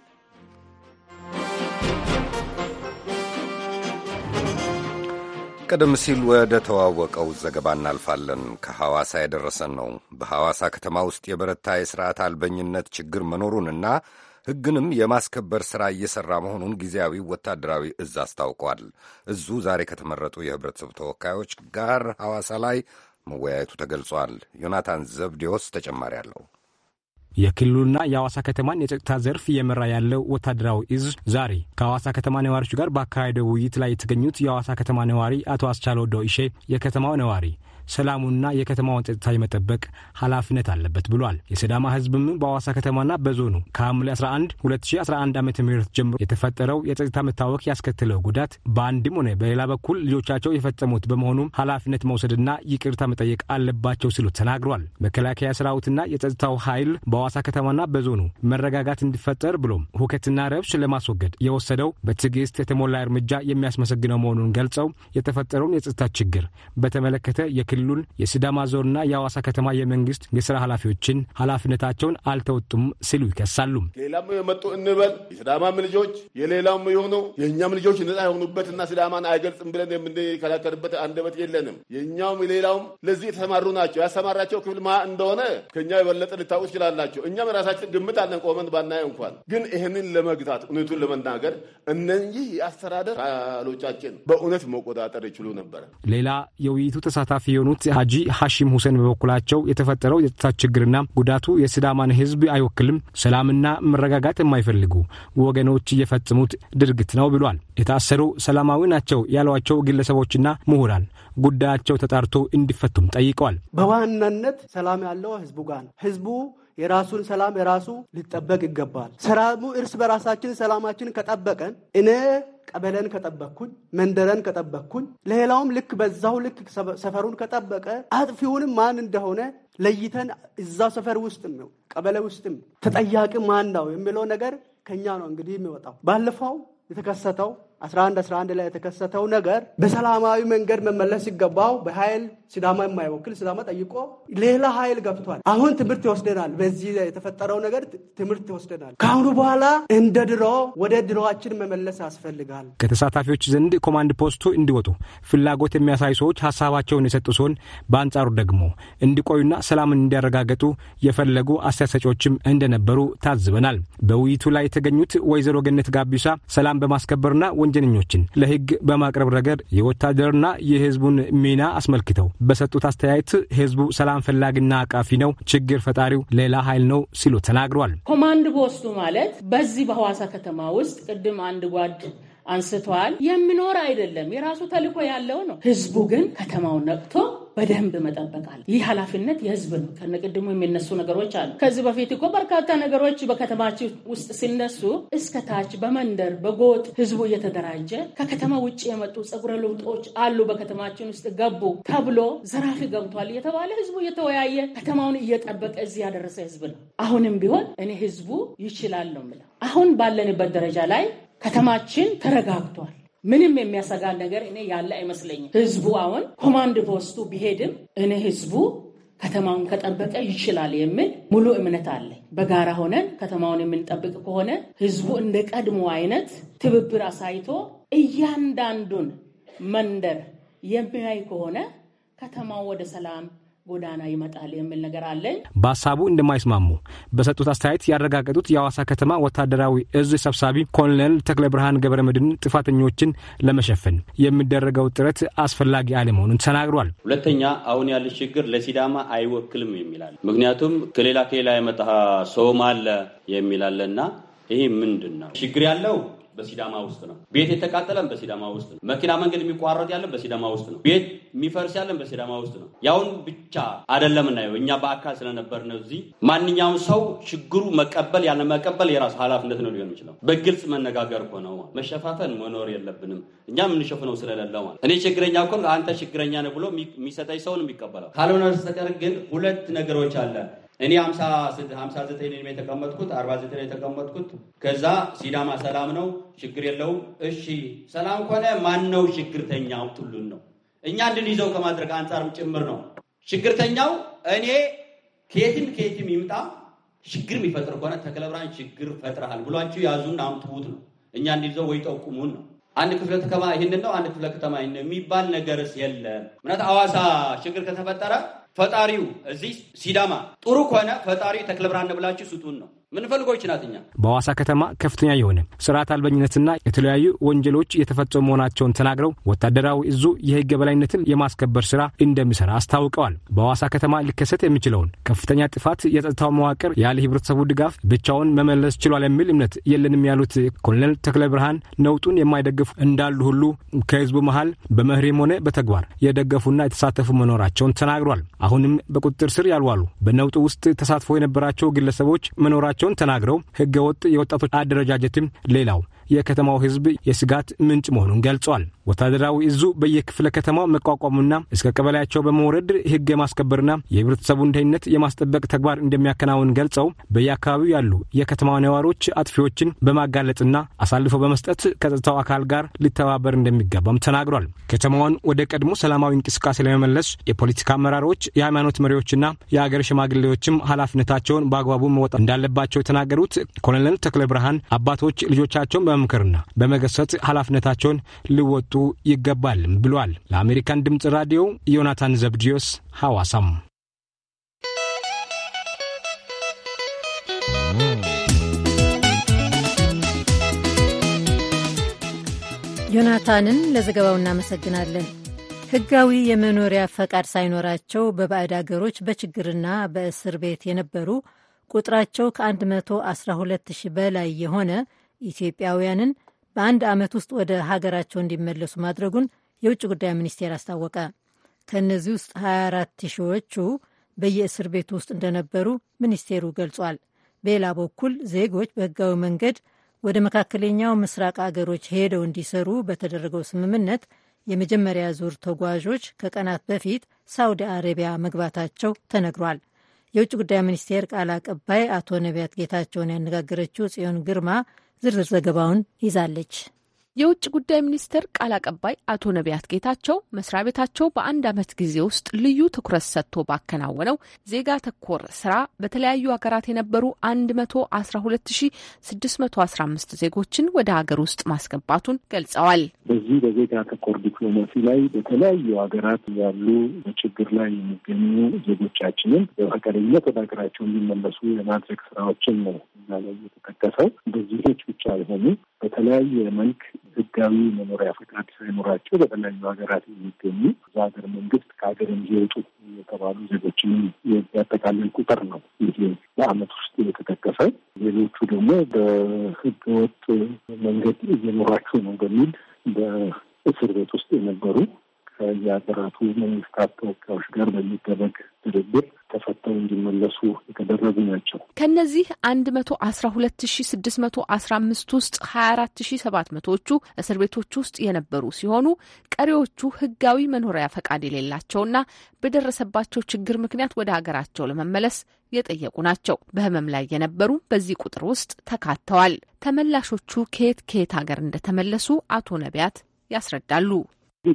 ቀደም ሲል ወደ ተዋወቀው ዘገባ እናልፋለን። ከሐዋሳ የደረሰን ነው። በሐዋሳ ከተማ ውስጥ የበረታ የሥርዓት አልበኝነት ችግር መኖሩንና ሕግንም የማስከበር ሥራ እየሠራ መሆኑን ጊዜያዊ ወታደራዊ እዝ አስታውቋል። እዙ ዛሬ ከተመረጡ የህብረተሰብ ተወካዮች ጋር ሐዋሳ ላይ መወያየቱ ተገልጿል። ዮናታን ዘብዴዎስ ተጨማሪ አለው። የክልሉና የአዋሳ ከተማን የጸጥታ ዘርፍ እየመራ ያለው ወታደራዊ እዝ ዛሬ ከአዋሳ ከተማ ነዋሪዎች ጋር በአካሄደው ውይይት ላይ የተገኙት የአዋሳ ከተማ ነዋሪ አቶ ወደው ዶይሼ የከተማው ነዋሪ ሰላሙና የከተማውን ጸጥታ የመጠበቅ ኃላፊነት አለበት ብሏል። የሲዳማ ህዝብም በአዋሳ ከተማና በዞኑ ከሐምሌ 11 2011 ዓ ም ጀምሮ የተፈጠረው የጸጥታ መታወክ ያስከተለው ጉዳት በአንድም ሆነ በሌላ በኩል ልጆቻቸው የፈጸሙት በመሆኑም ኃላፊነት መውሰድና ይቅርታ መጠየቅ አለባቸው ሲሉ ተናግሯል። መከላከያ ሰራዊትና የጸጥታው ኃይል በአዋሳ ከተማና በዞኑ መረጋጋት እንዲፈጠር ብሎም ሁከትና ረብሽ ለማስወገድ የወሰደው በትዕግስት የተሞላ እርምጃ የሚያስመሰግነው መሆኑን ገልጸው የተፈጠረውን የጸጥታ ችግር በተመለከተ የክ የክልሉን የሲዳማ ዞንና የአዋሳ ከተማ የመንግስት የስራ ኃላፊዎችን ኃላፊነታቸውን አልተወጡም ሲሉ ይከሳሉ። ሌላም የመጡ እንበል የሲዳማም ልጆች የሌላውም የሆኑ የእኛም ልጆች ነጻ የሆኑበትና ሲዳማን አይገልጽም ብለን የምንከላከልበት አንደበት የለንም። የእኛውም የሌላውም ለዚህ የተሰማሩ ናቸው። ያሰማራቸው ክፍል ማ እንደሆነ ከእኛ የበለጠ ልታውቁ ትችላላቸው። እኛም የራሳችን ግምት አለን ቆመን ባናየ እንኳን። ግን ይህንን ለመግታት እውነቱን ለመናገር እነዚህ የአስተዳደር ሎቻችን በእውነት መቆጣጠር ይችሉ ነበር። ሌላ የውይይቱ ተሳታፊ የሆኑት ሀጂ ሐሺም ሁሴን በበኩላቸው የተፈጠረው የጸጥታ ችግርና ጉዳቱ የሲዳማን ህዝብ አይወክልም፣ ሰላምና መረጋጋት የማይፈልጉ ወገኖች እየፈጽሙት ድርጊት ነው ብሏል። የታሰሩ ሰላማዊ ናቸው ያሏቸው ግለሰቦችና ምሁራን ጉዳያቸው ተጣርቶ እንዲፈቱም ጠይቀዋል። በዋናነት ሰላም ያለው ህዝቡ ጋር ነው። ህዝቡ የራሱን ሰላም የራሱ ሊጠበቅ ይገባል። ሰላሙ እርስ በራሳችን ሰላማችን ከጠበቀን እኔ ቀበለን ከጠበቅኩኝ፣ መንደረን ከጠበቅኩኝ፣ ሌላውም ልክ በዛው ልክ ሰፈሩን ከጠበቀ አጥፊውንም ማን እንደሆነ ለይተን እዛ ሰፈር ውስጥም ነው ቀበለ ውስጥም ተጠያቂ ማን ነው የሚለው ነገር ከኛ ነው እንግዲህ የሚወጣው። ባለፈው የተከሰተው 11 11 ላይ የተከሰተው ነገር በሰላማዊ መንገድ መመለስ ሲገባው በኃይል ሲዳማ የማይወክል ሲዳማ ጠይቆ ሌላ ኃይል ገብቷል። አሁን ትምህርት ይወስደናል። በዚህ የተፈጠረው ነገር ትምህርት ይወስደናል። ከአሁኑ በኋላ እንደ ድሮ ወደ ድሮችን መመለስ ያስፈልጋል። ከተሳታፊዎች ዘንድ ኮማንድ ፖስቱ እንዲወጡ ፍላጎት የሚያሳዩ ሰዎች ሀሳባቸውን የሰጡ ሲሆን በአንጻሩ ደግሞ እንዲቆዩና ሰላምን እንዲያረጋገጡ የፈለጉ አስተያየት ሰጪዎችም እንደነበሩ ታዝበናል። በውይይቱ ላይ የተገኙት ወይዘሮ ገነት ጋቢሳ ሰላም በማስከበርና ወንጀለኞችን ለህግ በማቅረብ ረገድ የወታደርና የህዝቡን ሚና አስመልክተው በሰጡት አስተያየት ህዝቡ ሰላም ፈላጊና አቃፊ ነው፣ ችግር ፈጣሪው ሌላ ኃይል ነው ሲሉ ተናግሯል። ኮማንድ ፖስቱ ማለት በዚህ በሐዋሳ ከተማ ውስጥ ቅድም አንድ ጓድ አንስተዋል። የምኖር አይደለም የራሱ ተልዕኮ ያለው ነው። ህዝቡ ግን ከተማውን ነቅቶ በደንብ መጠበቃል። ይህ ኃላፊነት የህዝብ ነው። ከነቅድሙ የሚነሱ ነገሮች አሉ። ከዚህ በፊት እኮ በርካታ ነገሮች በከተማችን ውስጥ ሲነሱ እስከ ታች በመንደር በጎጥ ህዝቡ እየተደራጀ ከከተማ ውጭ የመጡ ጸጉረ ልውጦች አሉ በከተማችን ውስጥ ገቡ ተብሎ ዘራፊ ገብቷል እየተባለ ህዝቡ እየተወያየ ከተማውን እየጠበቀ እዚህ ያደረሰ ህዝብ ነው። አሁንም ቢሆን እኔ ህዝቡ ይችላል ነው የምለው። አሁን ባለንበት ደረጃ ላይ ከተማችን ተረጋግቷል። ምንም የሚያሰጋ ነገር እኔ ያለ አይመስለኝም። ህዝቡ አሁን ኮማንድ ፖስቱ ቢሄድም እኔ ህዝቡ ከተማውን ከጠበቀ ይችላል የሚል ሙሉ እምነት አለኝ። በጋራ ሆነን ከተማውን የምንጠብቅ ከሆነ ህዝቡ እንደ ቀድሞ አይነት ትብብር አሳይቶ እያንዳንዱን መንደር የሚያይ ከሆነ ከተማው ወደ ሰላም ጎዳና ይመጣል የሚል ነገር አለኝ። በሀሳቡ እንደማይስማሙ በሰጡት አስተያየት ያረጋገጡት የአዋሳ ከተማ ወታደራዊ እዝ ሰብሳቢ ኮሎኔል ተክለ ብርሃን ገብረ መድን ጥፋተኞችን ለመሸፈን የሚደረገው ጥረት አስፈላጊ አለመሆኑን ተናግሯል። ሁለተኛ አሁን ያለ ችግር ለሲዳማ አይወክልም የሚላል ምክንያቱም ከሌላ ከሌላ የመጣ ሰውም አለ የሚላለና ይሄ ምንድን ነው ችግር ያለው በሲዳማ ውስጥ ነው። ቤት የተቃጠለን በሲዳማ ውስጥ ነው። መኪና መንገድ የሚቋረጥ ያለን በሲዳማ ውስጥ ነው። ቤት የሚፈርስ ያለን በሲዳማ ውስጥ ነው። ያውን ብቻ አይደለም እናየው። እኛ በአካል ስለነበር ነው። እዚህ ማንኛውም ሰው ችግሩ መቀበል ያለ መቀበል የራሱ ኃላፊነት ነው ሊሆን ይችላል። በግልጽ መነጋገር እኮ ነው። መሸፋፈን መኖር የለብንም እኛ የምንሸፍነው ስለሌለ ማለት እኔ ችግረኛ እኮ አንተ ችግረኛ ነህ ብሎ የሚሰጠኝ ሰውን የሚቀበለው ካልሆነ በስተቀር ግን ሁለት ነገሮች አለ እኔ 59 ዘጠኝ የተቀመጥኩት፣ 49 ነው የተቀመጥኩት። ከዛ ሲዳማ ሰላም ነው ችግር የለውም። እሺ ሰላም ከሆነ ማነው ችግርተኛው አውጡልን ነው እኛ እንድንይዘው ከማድረግ አንጻርም ጭምር ነው። ችግርተኛው እኔ ከየትም ከየትም ይምጣ ችግር የሚፈጥር ከሆነ ተክለብራን ችግር ፈጥረሃል ብሏችሁ ያዙን አምጡት ነው። እኛ እንዲይዘው ወይ ጠቁሙን ነው። አንድ ክፍለ ከተማ ይህንን ነው፣ አንድ ክፍለ ከተማ ይህን የሚባል ነገርስ የለም። ምክንያት አዋሳ ችግር ከተፈጠረ ፈጣሪው እዚህ ሲዳማ ጥሩ ከሆነ ፈጣሪው ተክለብርሃን ብላችሁ ስጡን ነው ምንፈልጎች ናት። እኛ በሐዋሳ ከተማ ከፍተኛ የሆነ ስርዓት አልበኝነትና የተለያዩ ወንጀሎች የተፈጸሙ መሆናቸውን ተናግረው ወታደራዊ እዙ የህግ የበላይነትን የማስከበር ስራ እንደሚሰራ አስታውቀዋል። በሐዋሳ ከተማ ሊከሰት የሚችለውን ከፍተኛ ጥፋት የጸጥታው መዋቅር ያለ ህብረተሰቡ ድጋፍ ብቻውን መመለስ ችሏል የሚል እምነት የለንም ያሉት ኮሎኔል ተክለ ብርሃን ነውጡን የማይደግፉ እንዳሉ ሁሉ ከህዝቡ መሀል በመህሪም ሆነ በተግባር የደገፉና የተሳተፉ መኖራቸውን ተናግሯል። አሁንም በቁጥጥር ስር ያልዋሉ በነውጡ ውስጥ ተሳትፎ የነበራቸው ግለሰቦች መኖራቸው መሆናቸውን ተናግረው ህገወጥ የወጣቶች አደረጃጀትም ሌላው የከተማው ህዝብ የስጋት ምንጭ መሆኑን ገልጿል። ወታደራዊ እዙ በየክፍለ ከተማው መቋቋሙና እስከ ቀበሌያቸው በመውረድ ህግ የማስከበርና የህብረተሰቡን ደህንነት የማስጠበቅ ተግባር እንደሚያከናውን ገልጸው በየአካባቢው ያሉ የከተማው ነዋሪዎች አጥፊዎችን በማጋለጥና አሳልፎ በመስጠት ከጸጥታው አካል ጋር ሊተባበር እንደሚገባም ተናግሯል። ከተማዋን ወደ ቀድሞ ሰላማዊ እንቅስቃሴ ለመመለስ የፖለቲካ አመራሮች፣ የሃይማኖት መሪዎችና የአገር ሽማግሌዎችም ኃላፊነታቸውን በአግባቡ መወጣት እንዳለባቸው የተናገሩት ኮሎኔል ተክለ ብርሃን አባቶች ልጆቻቸውን በመምከርና በመገሰጽ ኃላፊነታቸውን ሊወጡ ይገባል ብሏል። ለአሜሪካን ድምፅ ራዲዮ ዮናታን ዘብዲዮስ ሐዋሳም ዮናታንን ለዘገባው እናመሰግናለን። ሕጋዊ የመኖሪያ ፈቃድ ሳይኖራቸው በባዕድ አገሮች በችግርና በእስር ቤት የነበሩ ቁጥራቸው ከ112000 በላይ የሆነ ኢትዮጵያውያንን በአንድ ዓመት ውስጥ ወደ ሀገራቸው እንዲመለሱ ማድረጉን የውጭ ጉዳይ ሚኒስቴር አስታወቀ። ከእነዚህ ውስጥ 24 ሺዎቹ በየእስር ቤቱ ውስጥ እንደነበሩ ሚኒስቴሩ ገልጿል። በሌላ በኩል ዜጎች በህጋዊ መንገድ ወደ መካከለኛው ምስራቅ አገሮች ሄደው እንዲሰሩ በተደረገው ስምምነት የመጀመሪያ ዙር ተጓዦች ከቀናት በፊት ሳውዲ አረቢያ መግባታቸው ተነግሯል። የውጭ ጉዳይ ሚኒስቴር ቃል አቀባይ አቶ ነቢያት ጌታቸውን ያነጋገረችው ጽዮን ግርማ ዝርዝር ዘገባውን ይዛለች። የውጭ ጉዳይ ሚኒስቴር ቃል አቀባይ አቶ ነቢያት ጌታቸው መስሪያ ቤታቸው በአንድ ዓመት ጊዜ ውስጥ ልዩ ትኩረት ሰጥቶ ባከናወነው ዜጋ ተኮር ስራ በተለያዩ ሀገራት የነበሩ 112615 ዜጎችን ወደ ሀገር ውስጥ ማስገባቱን ገልጸዋል። በዚህ በዜጋ ተኮር ዲፕሎማሲ ላይ በተለያዩ ሀገራት ያሉ በችግር ላይ የሚገኙ ዜጎቻችንን በፈቃደኝነት ወደ ሀገራቸው እንዲመለሱ የማድረግ ስራዎችን ነው እና ላይ የተጠቀሰው በዚህ ብቻ የሆኑ በተለያየ መልክ ህጋዊ መኖሪያ ፈቃድ ሳይኖራቸው በተለያዩ ሀገራት የሚገኙ እዛ ሀገር መንግስት ከሀገር እንዲወጡ የተባሉ ዜጎችን ያጠቃልል ቁጥር ነው። ይሄ በአመት ውስጥ የተጠቀሰ ሌሎቹ ደግሞ በህገወጥ መንገድ እየኖራቸው ነው በሚል በእስር ቤት ውስጥ የነበሩ ከየሀገራቱ መንግስታት ተወካዮች ጋር በሚደረግ ድርድር ተፈተው እንዲመለሱ የተደረጉ ናቸው። ከእነዚህ አንድ መቶ አስራ ሁለት ሺ ስድስት መቶ አስራ አምስት ውስጥ ሀያ አራት ሺ ሰባት መቶዎቹ እስር ቤቶች ውስጥ የነበሩ ሲሆኑ ቀሪዎቹ ህጋዊ መኖሪያ ፈቃድ የሌላቸውና በደረሰባቸው ችግር ምክንያት ወደ ሀገራቸው ለመመለስ የጠየቁ ናቸው። በህመም ላይ የነበሩ በዚህ ቁጥር ውስጥ ተካተዋል። ተመላሾቹ ከየት ከየት ሀገር እንደተመለሱ አቶ ነቢያት ያስረዳሉ።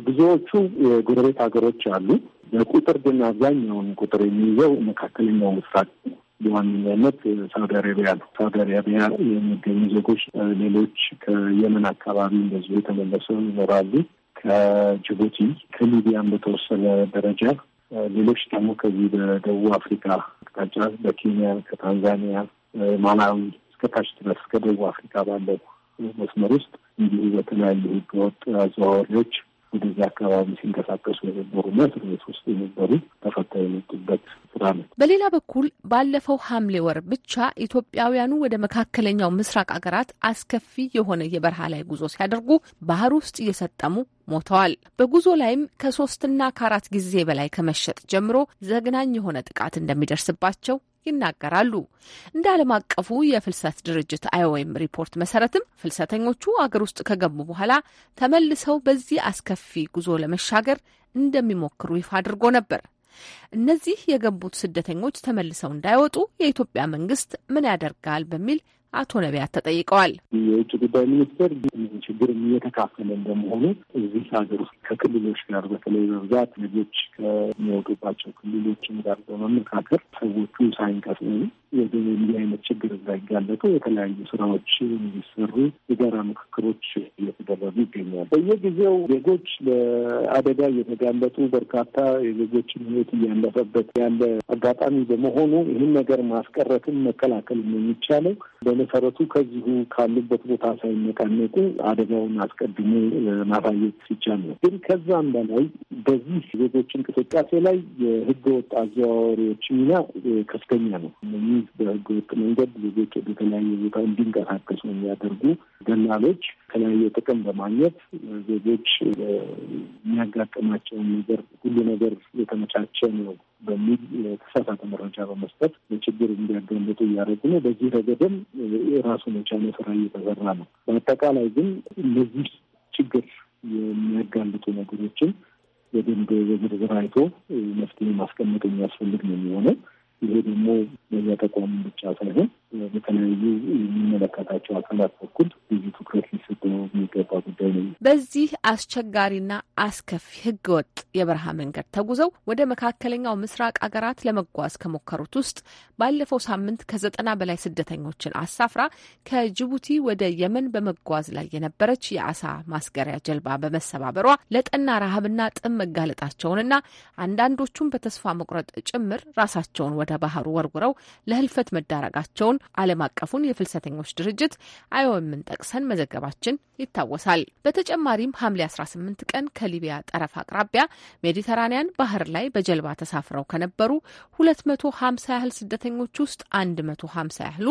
ብዙዎቹ የጎረቤት ሀገሮች አሉ በቁጥር ግን አብዛኛውን ቁጥር የሚይዘው መካከለኛው ምስራቅ ነው። በዋነኛነት ሳውዲ አረቢያ ነው። ሳውዲ አረቢያ የሚገኙ ዜጎች፣ ሌሎች ከየመን አካባቢ እንደዚሁ የተመለሰው ይኖራሉ። ከጅቡቲ ከሊቢያን በተወሰነ ደረጃ ሌሎች ደግሞ ከዚህ በደቡብ አፍሪካ አቅጣጫ በኬንያ ከታንዛኒያ፣ ማላዊ እስከ ታች ድረስ እስከ ደቡብ አፍሪካ ባለው መስመር ውስጥ እንዲሁ በተለያዩ ህገወጥ አዘዋዋሪዎች ወደዚያ አካባቢ ሲንቀሳቀሱ የነበሩና እስር ቤት ውስጥ የነበሩ ተፈታ የመጡበት ስራ ነው። በሌላ በኩል ባለፈው ሐምሌ ወር ብቻ ኢትዮጵያውያኑ ወደ መካከለኛው ምስራቅ አገራት አስከፊ የሆነ የበረሃ ላይ ጉዞ ሲያደርጉ ባህር ውስጥ እየሰጠሙ ሞተዋል። በጉዞ ላይም ከሶስትና ከአራት ጊዜ በላይ ከመሸጥ ጀምሮ ዘግናኝ የሆነ ጥቃት እንደሚደርስባቸው ይናገራሉ። እንደ ዓለም አቀፉ የፍልሰት ድርጅት አይኦኤም ሪፖርት መሰረትም ፍልሰተኞቹ አገር ውስጥ ከገቡ በኋላ ተመልሰው በዚህ አስከፊ ጉዞ ለመሻገር እንደሚሞክሩ ይፋ አድርጎ ነበር። እነዚህ የገቡት ስደተኞች ተመልሰው እንዳይወጡ የኢትዮጵያ መንግስት ምን ያደርጋል በሚል አቶ ነቢያት ተጠይቀዋል። የውጭ ጉዳይ ሚኒስቴር ችግር እየተካፈለ እንደመሆኑ እዚህ ሀገር ውስጥ ከክልሎች ጋር በተለይ በብዛት ልጆች ከሚወጡባቸው ክልሎችም ጋር በመመካከር ሰዎቹ ሳይንቀጽ ወደ እንዲህ አይነት ችግር እንዳይጋለጡ የተለያዩ ስራዎች እንዲሰሩ የጋራ ምክክሮች እየተደረጉ ይገኛል። በየጊዜው ዜጎች ለአደጋ እየተጋለጡ በርካታ የዜጎችን ህይወት እያለፈበት ያለ አጋጣሚ በመሆኑ ይህን ነገር ማስቀረትን መከላከልም የሚቻለው በመሰረቱ ከዚሁ ካሉበት ቦታ ሳይነቃነቁ አደጋውን አስቀድሞ ማሳየት ሲቻል ነው። ግን ከዛም በላይ በዚህ ዜጎች እንቅስቃሴ ላይ የህገ ወጥ አዘዋዋሪዎች ሚና ከፍተኛ ነው። እነዚህ በህገ ወጥ መንገድ ዜጎች ወደ ተለያየ ቦታ እንዲንቀሳቀሱ የሚያደርጉ ደላሎች የተለያየ ጥቅም በማግኘት ዜጎች የሚያጋጥማቸውን ነገር ሁሉ ነገር የተመቻቸ ነው በሚል የተሳሳተ መረጃ በመስጠት ለችግር እንዲያጋለጡ እያደረጉ ነው። በዚህ ረገድም ራሱን የቻለ ስራ እየተሰራ ነው። በአጠቃላይ ግን እነዚህ ችግር የሚያጋልጡ ነገሮችን በደንብ በዝርዝር አይቶ መፍትሄ ማስቀመጥ የሚያስፈልግ ነው የሚሆነው። ይሄ ደግሞ ተቋሙ ብቻ ሳይሆን በተለያዩ የሚመለከታቸው አካላት በኩል ብዙ ትኩረት ሊሰጠው የሚገባ ጉዳይ ነው። በዚህ አስቸጋሪና አስከፊ ህገወጥ የበረሃ መንገድ ተጉዘው ወደ መካከለኛው ምስራቅ አገራት ለመጓዝ ከሞከሩት ውስጥ ባለፈው ሳምንት ከዘጠና በላይ ስደተኞችን አሳፍራ ከጅቡቲ ወደ የመን በመጓዝ ላይ የነበረች የአሳ ማስገሪያ ጀልባ በመሰባበሯ ለጠና ረሃብና ጥም መጋለጣቸውንና አንዳንዶቹም በተስፋ መቁረጥ ጭምር ራሳቸውን ወደ ወደ ባህሩ ወርውረው ለህልፈት መዳረጋቸውን ዓለም አቀፉን የፍልሰተኞች ድርጅት አይኦኤምን ጠቅሰን መዘገባችን ይታወሳል። በተጨማሪም ሐምሌ 18 ቀን ከሊቢያ ጠረፍ አቅራቢያ ሜዲተራኒያን ባህር ላይ በጀልባ ተሳፍረው ከነበሩ 250 ያህል ስደተኞች ውስጥ 150 ያህሉ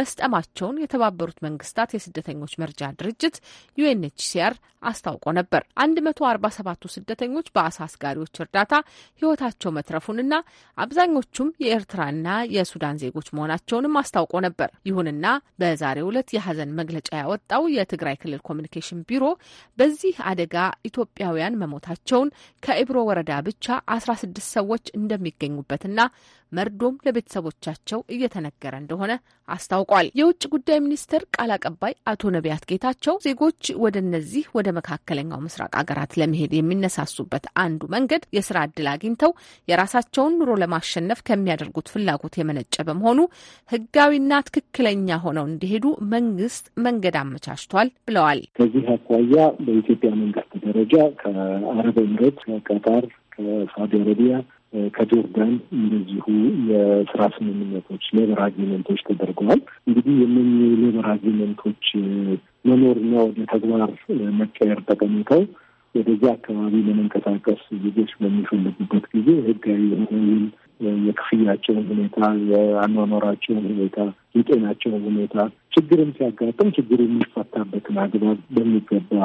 መስጠማቸውን የተባበሩት መንግስታት የስደተኞች መርጃ ድርጅት ዩኤንኤችሲአር አስታውቆ ነበር። 147ቱ ስደተኞች በአሳ አስጋሪዎች እርዳታ ህይወታቸው መትረፉንና አብዛኞቹም የኤር የኤርትራና የሱዳን ዜጎች መሆናቸውንም አስታውቆ ነበር። ይሁንና በዛሬው ዕለት የሀዘን መግለጫ ያወጣው የትግራይ ክልል ኮሚኒኬሽን ቢሮ በዚህ አደጋ ኢትዮጵያውያን መሞታቸውን ከኢብሮ ወረዳ ብቻ አስራ ስድስት ሰዎች እንደሚገኙበትና መርዶም ለቤተሰቦቻቸው እየተነገረ እንደሆነ አስታውቋል። የውጭ ጉዳይ ሚኒስቴር ቃል አቀባይ አቶ ነቢያት ጌታቸው ዜጎች ወደ እነዚህ ወደ መካከለኛው ምስራቅ ሀገራት ለመሄድ የሚነሳሱበት አንዱ መንገድ የስራ እድል አግኝተው የራሳቸውን ኑሮ ለማሸነፍ ከሚያደርጉት ፍላጎት የመነጨ በመሆኑ ህጋዊና ትክክለኛ ሆነው እንዲሄዱ መንግስት መንገድ አመቻችቷል ብለዋል። ከዚህ አኳያ በኢትዮጵያ መንግስት ደረጃ ከአረብ ኤምሬት፣ ከቀጣር ከሳዑዲ አረቢያ ከጆርዳን እንደዚሁ የስራ ስምምነቶች ሌበር አግሪመንቶች ተደርገዋል። እንግዲህ የእነኚህ ሌበር አግሪመንቶች መኖርና ወደ ተግባር መቀየር ጠቀሜታው ወደዚያ አካባቢ ለመንቀሳቀስ ዜጎች በሚፈልጉበት ጊዜ ህጋዊ የሆነውን የክፍያቸውን ሁኔታ፣ የአኗኗራቸውን ሁኔታ፣ የጤናቸውን ሁኔታ ችግርም ሲያጋጥም ችግር የሚፈታበትን አግባብ በሚገባ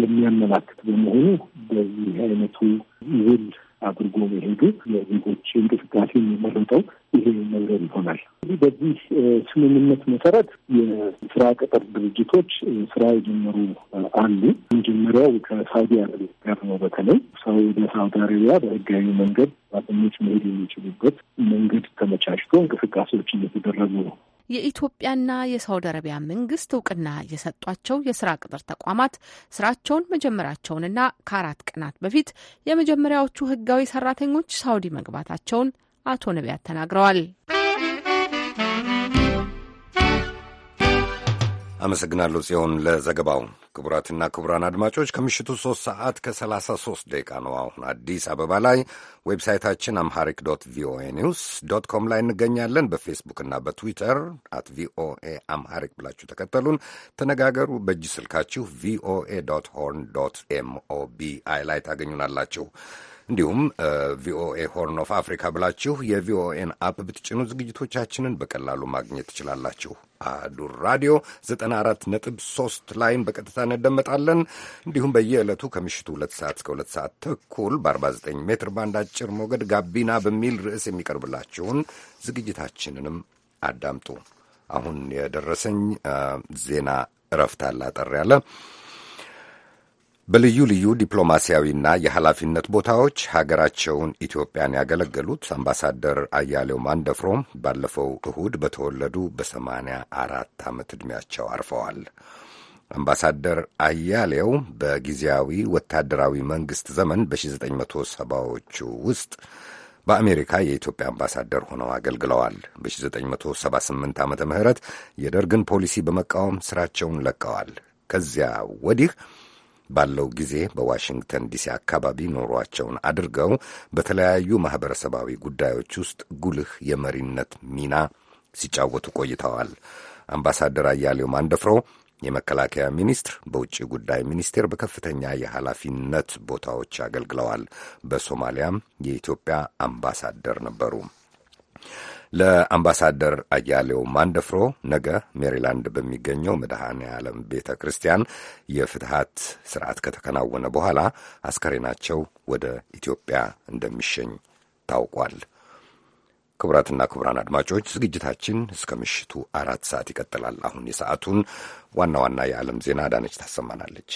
የሚያመላክት በመሆኑ በዚህ አይነቱ ውል አድርጎ መሄዱ የዜጎች እንቅስቃሴ የሚመረጠው ይሄ መንገድ ይሆናል። በዚህ ስምምነት መሰረት የስራ ቅጥር ድርጅቶች ስራ የጀመሩ አሉ። መጀመሪያው ከሳውዲ አረቢያ ጋር ነው። በተለይ ሰው ወደ ሳውዲ አረቢያ በህጋዊ መንገድ ባለኞች መሄድ የሚችሉበት መንገድ ተመቻችቶ እንቅስቃሴዎች እየተደረጉ የኢትዮጵያና የሳውዲ አረቢያ መንግስት እውቅና የሰጧቸው የስራ ቅጥር ተቋማት ስራቸውን መጀመራቸውንና ከአራት ቀናት በፊት የመጀመሪያዎቹ ህጋዊ ሰራተኞች ሳውዲ መግባታቸውን አቶ ነቢያት ተናግረዋል። አመሰግናለሁ ጽዮን ለዘገባው። ክቡራትና ክቡራን አድማጮች ከምሽቱ 3 ሰዓት ከ33 ደቂቃ ነው አሁን አዲስ አበባ ላይ። ዌብሳይታችን አምሃሪክ ዶት ቪኦኤ ኒውስ ዶት ኮም ላይ እንገኛለን። በፌስቡክና በትዊተር አት ቪኦኤ አምሐሪክ ብላችሁ ተከተሉን፣ ተነጋገሩ። በእጅ ስልካችሁ ቪኦኤ ዶት ሆርን ዶት ኤምኦቢአይ ላይ ታገኙናላችሁ። እንዲሁም ቪኦኤ ሆርን ኦፍ አፍሪካ ብላችሁ የቪኦኤን አፕ ብትጭኑ ዝግጅቶቻችንን በቀላሉ ማግኘት ትችላላችሁ። አዱር ራዲዮ 94.3 ላይም በቀጥታ እንደመጣለን። እንዲሁም በየዕለቱ ከምሽቱ ሁለት ሰዓት እስከ ሁለት ሰዓት ተኩል በ49 ሜትር ባንድ አጭር ሞገድ ጋቢና በሚል ርዕስ የሚቀርብላችሁን ዝግጅታችንንም አዳምጡ። አሁን የደረሰኝ ዜና እረፍት አላጠር ያለ በልዩ ልዩ ዲፕሎማሲያዊና የኃላፊነት ቦታዎች ሀገራቸውን ኢትዮጵያን ያገለገሉት አምባሳደር አያሌው ማንደፍሮም ባለፈው እሁድ በተወለዱ በሰማንያ አራት ዓመት ዕድሜያቸው አርፈዋል። አምባሳደር አያሌው በጊዜያዊ ወታደራዊ መንግሥት ዘመን በ1970ዎቹ ውስጥ በአሜሪካ የኢትዮጵያ አምባሳደር ሆነው አገልግለዋል። በ1978 ዓመተ ምህረት የደርግን ፖሊሲ በመቃወም ሥራቸውን ለቀዋል። ከዚያ ወዲህ ባለው ጊዜ በዋሽንግተን ዲሲ አካባቢ ኑሯቸውን አድርገው በተለያዩ ማኅበረሰባዊ ጉዳዮች ውስጥ ጉልህ የመሪነት ሚና ሲጫወቱ ቆይተዋል። አምባሳደር አያሌው ማንደፍሮ የመከላከያ ሚኒስትር፣ በውጭ ጉዳይ ሚኒስቴር በከፍተኛ የኃላፊነት ቦታዎች አገልግለዋል። በሶማሊያም የኢትዮጵያ አምባሳደር ነበሩ። ለአምባሳደር አያሌው ማንደፍሮ ነገ ሜሪላንድ በሚገኘው መድኃኔ ዓለም ቤተ ክርስቲያን የፍትሐት ስርዓት ከተከናወነ በኋላ አስከሬናቸው ወደ ኢትዮጵያ እንደሚሸኝ ታውቋል። ክቡራትና ክቡራን አድማጮች ዝግጅታችን እስከ ምሽቱ አራት ሰዓት ይቀጥላል። አሁን የሰዓቱን ዋና ዋና የዓለም ዜና አዳነች ታሰማናለች።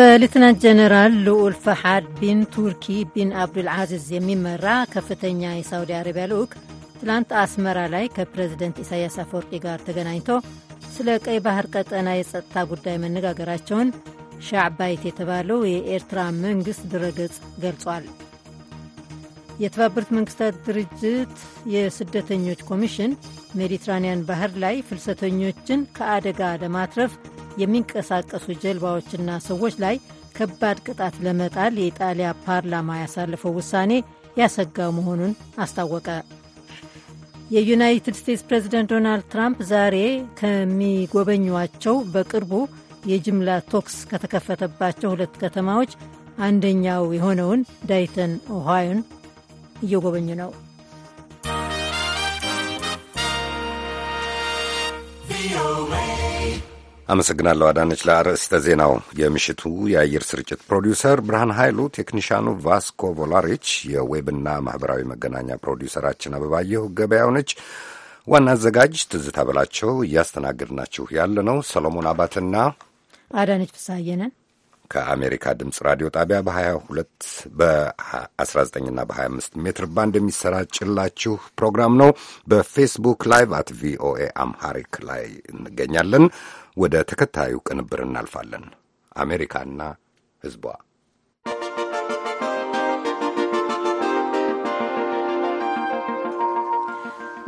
በሌትናንት ጀነራል ልዑል ፈሓድ ቢን ቱርኪ ቢን አብዱልዓዚዝ የሚመራ ከፍተኛ የሳውዲ አረቢያ ልዑክ ትላንት አስመራ ላይ ከፕሬዝደንት ኢሳያስ አፈወርቂ ጋር ተገናኝቶ ስለ ቀይ ባህር ቀጠና የጸጥታ ጉዳይ መነጋገራቸውን ሻዕባይት የተባለው የኤርትራ መንግሥት ድረገጽ ገልጿል። የተባበሩት መንግስታት ድርጅት የስደተኞች ኮሚሽን ሜዲትራንያን ባህር ላይ ፍልሰተኞችን ከአደጋ ለማትረፍ የሚንቀሳቀሱ ጀልባዎችና ሰዎች ላይ ከባድ ቅጣት ለመጣል የኢጣሊያ ፓርላማ ያሳለፈው ውሳኔ ያሰጋ መሆኑን አስታወቀ። የዩናይትድ ስቴትስ ፕሬዝደንት ዶናልድ ትራምፕ ዛሬ ከሚጎበኟቸው በቅርቡ የጅምላ ቶክስ ከተከፈተባቸው ሁለት ከተማዎች አንደኛው የሆነውን ዳይተን ኦሃዮን እየጎበኙ ነው። ቪኦኤ አመሰግናለሁ አዳነች ለአርዕስተ ዜናው። የምሽቱ የአየር ስርጭት ፕሮዲውሰር ብርሃን ኃይሉ፣ ቴክኒሻኑ ቫስኮ ቮላሪች፣ የዌብና ማኅበራዊ መገናኛ ፕሮዲውሰራችን አበባየሁ ገበያው ነች። ዋና አዘጋጅ ትዝታ በላቸው። እያስተናገድናችሁ ያለ ነው ሰሎሞን አባትና አዳነች ፍሳየነን ከአሜሪካ ድምፅ ራዲዮ ጣቢያ በ22 በ19ና በ25 ሜትር ባንድ የሚሰራጭላችሁ ፕሮግራም ነው። በፌስቡክ ላይቭ አት ቪኦኤ አምሃሪክ ላይ እንገኛለን። ወደ ተከታዩ ቅንብር እናልፋለን። አሜሪካና ህዝቧ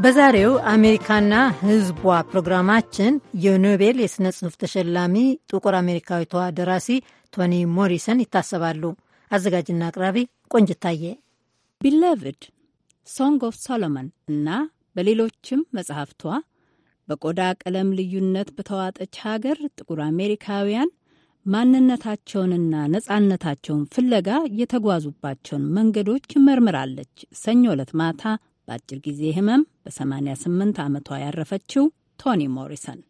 በዛሬው አሜሪካና ህዝቧ ፕሮግራማችን የኖቤል የሥነ ጽሑፍ ተሸላሚ ጥቁር አሜሪካዊቷ ደራሲ ቶኒ ሞሪሰን ይታሰባሉ። አዘጋጅና አቅራቢ ቆንጅታየ ቢለቭድ ሶንግ ኦፍ ሶሎሞን እና በሌሎችም መጽሐፍቷ በቆዳ ቀለም ልዩነት በተዋጠች ሀገር ጥቁር አሜሪካውያን ማንነታቸውንና ነጻነታቸውን ፍለጋ የተጓዙባቸውን መንገዶች መርምራለች። ሰኞ ዕለት ማታ በአጭር ጊዜ ህመም በ88 ዓመቷ ያረፈችው ቶኒ ሞሪሰን።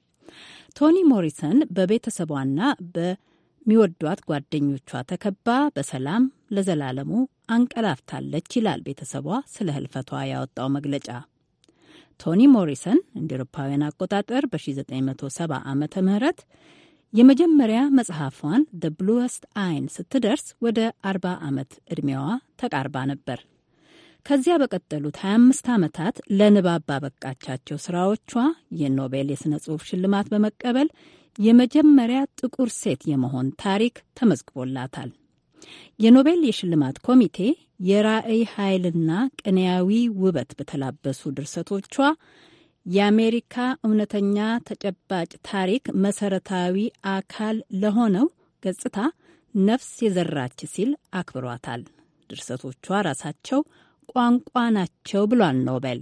ቶኒ ሞሪሰን በቤተሰቧና በሚወዷት ጓደኞቿ ተከባ በሰላም ለዘላለሙ አንቀላፍታለች ይላል ቤተሰቧ ስለ ህልፈቷ ያወጣው መግለጫ። ቶኒ ሞሪሰን እንደ ኤሮፓውያን አቆጣጠር በ1970 ዓ ም የመጀመሪያ መጽሐፏን ደ ብሉስት አይን ስትደርስ ወደ 40 ዓመት ዕድሜዋ ተቃርባ ነበር። ከዚያ በቀጠሉት 25 ዓመታት ለንባብ ባበቃቻቸው ስራዎቿ የኖቤል የሥነ ጽሑፍ ሽልማት በመቀበል የመጀመሪያ ጥቁር ሴት የመሆን ታሪክ ተመዝግቦላታል። የኖቤል የሽልማት ኮሚቴ የራዕይ ኃይልና ቅንያዊ ውበት በተላበሱ ድርሰቶቿ የአሜሪካ እውነተኛ ተጨባጭ ታሪክ መሰረታዊ አካል ለሆነው ገጽታ ነፍስ የዘራች ሲል አክብሯታል። ድርሰቶቿ ራሳቸው ቋንቋ ናቸው ብሏል ኖቤል።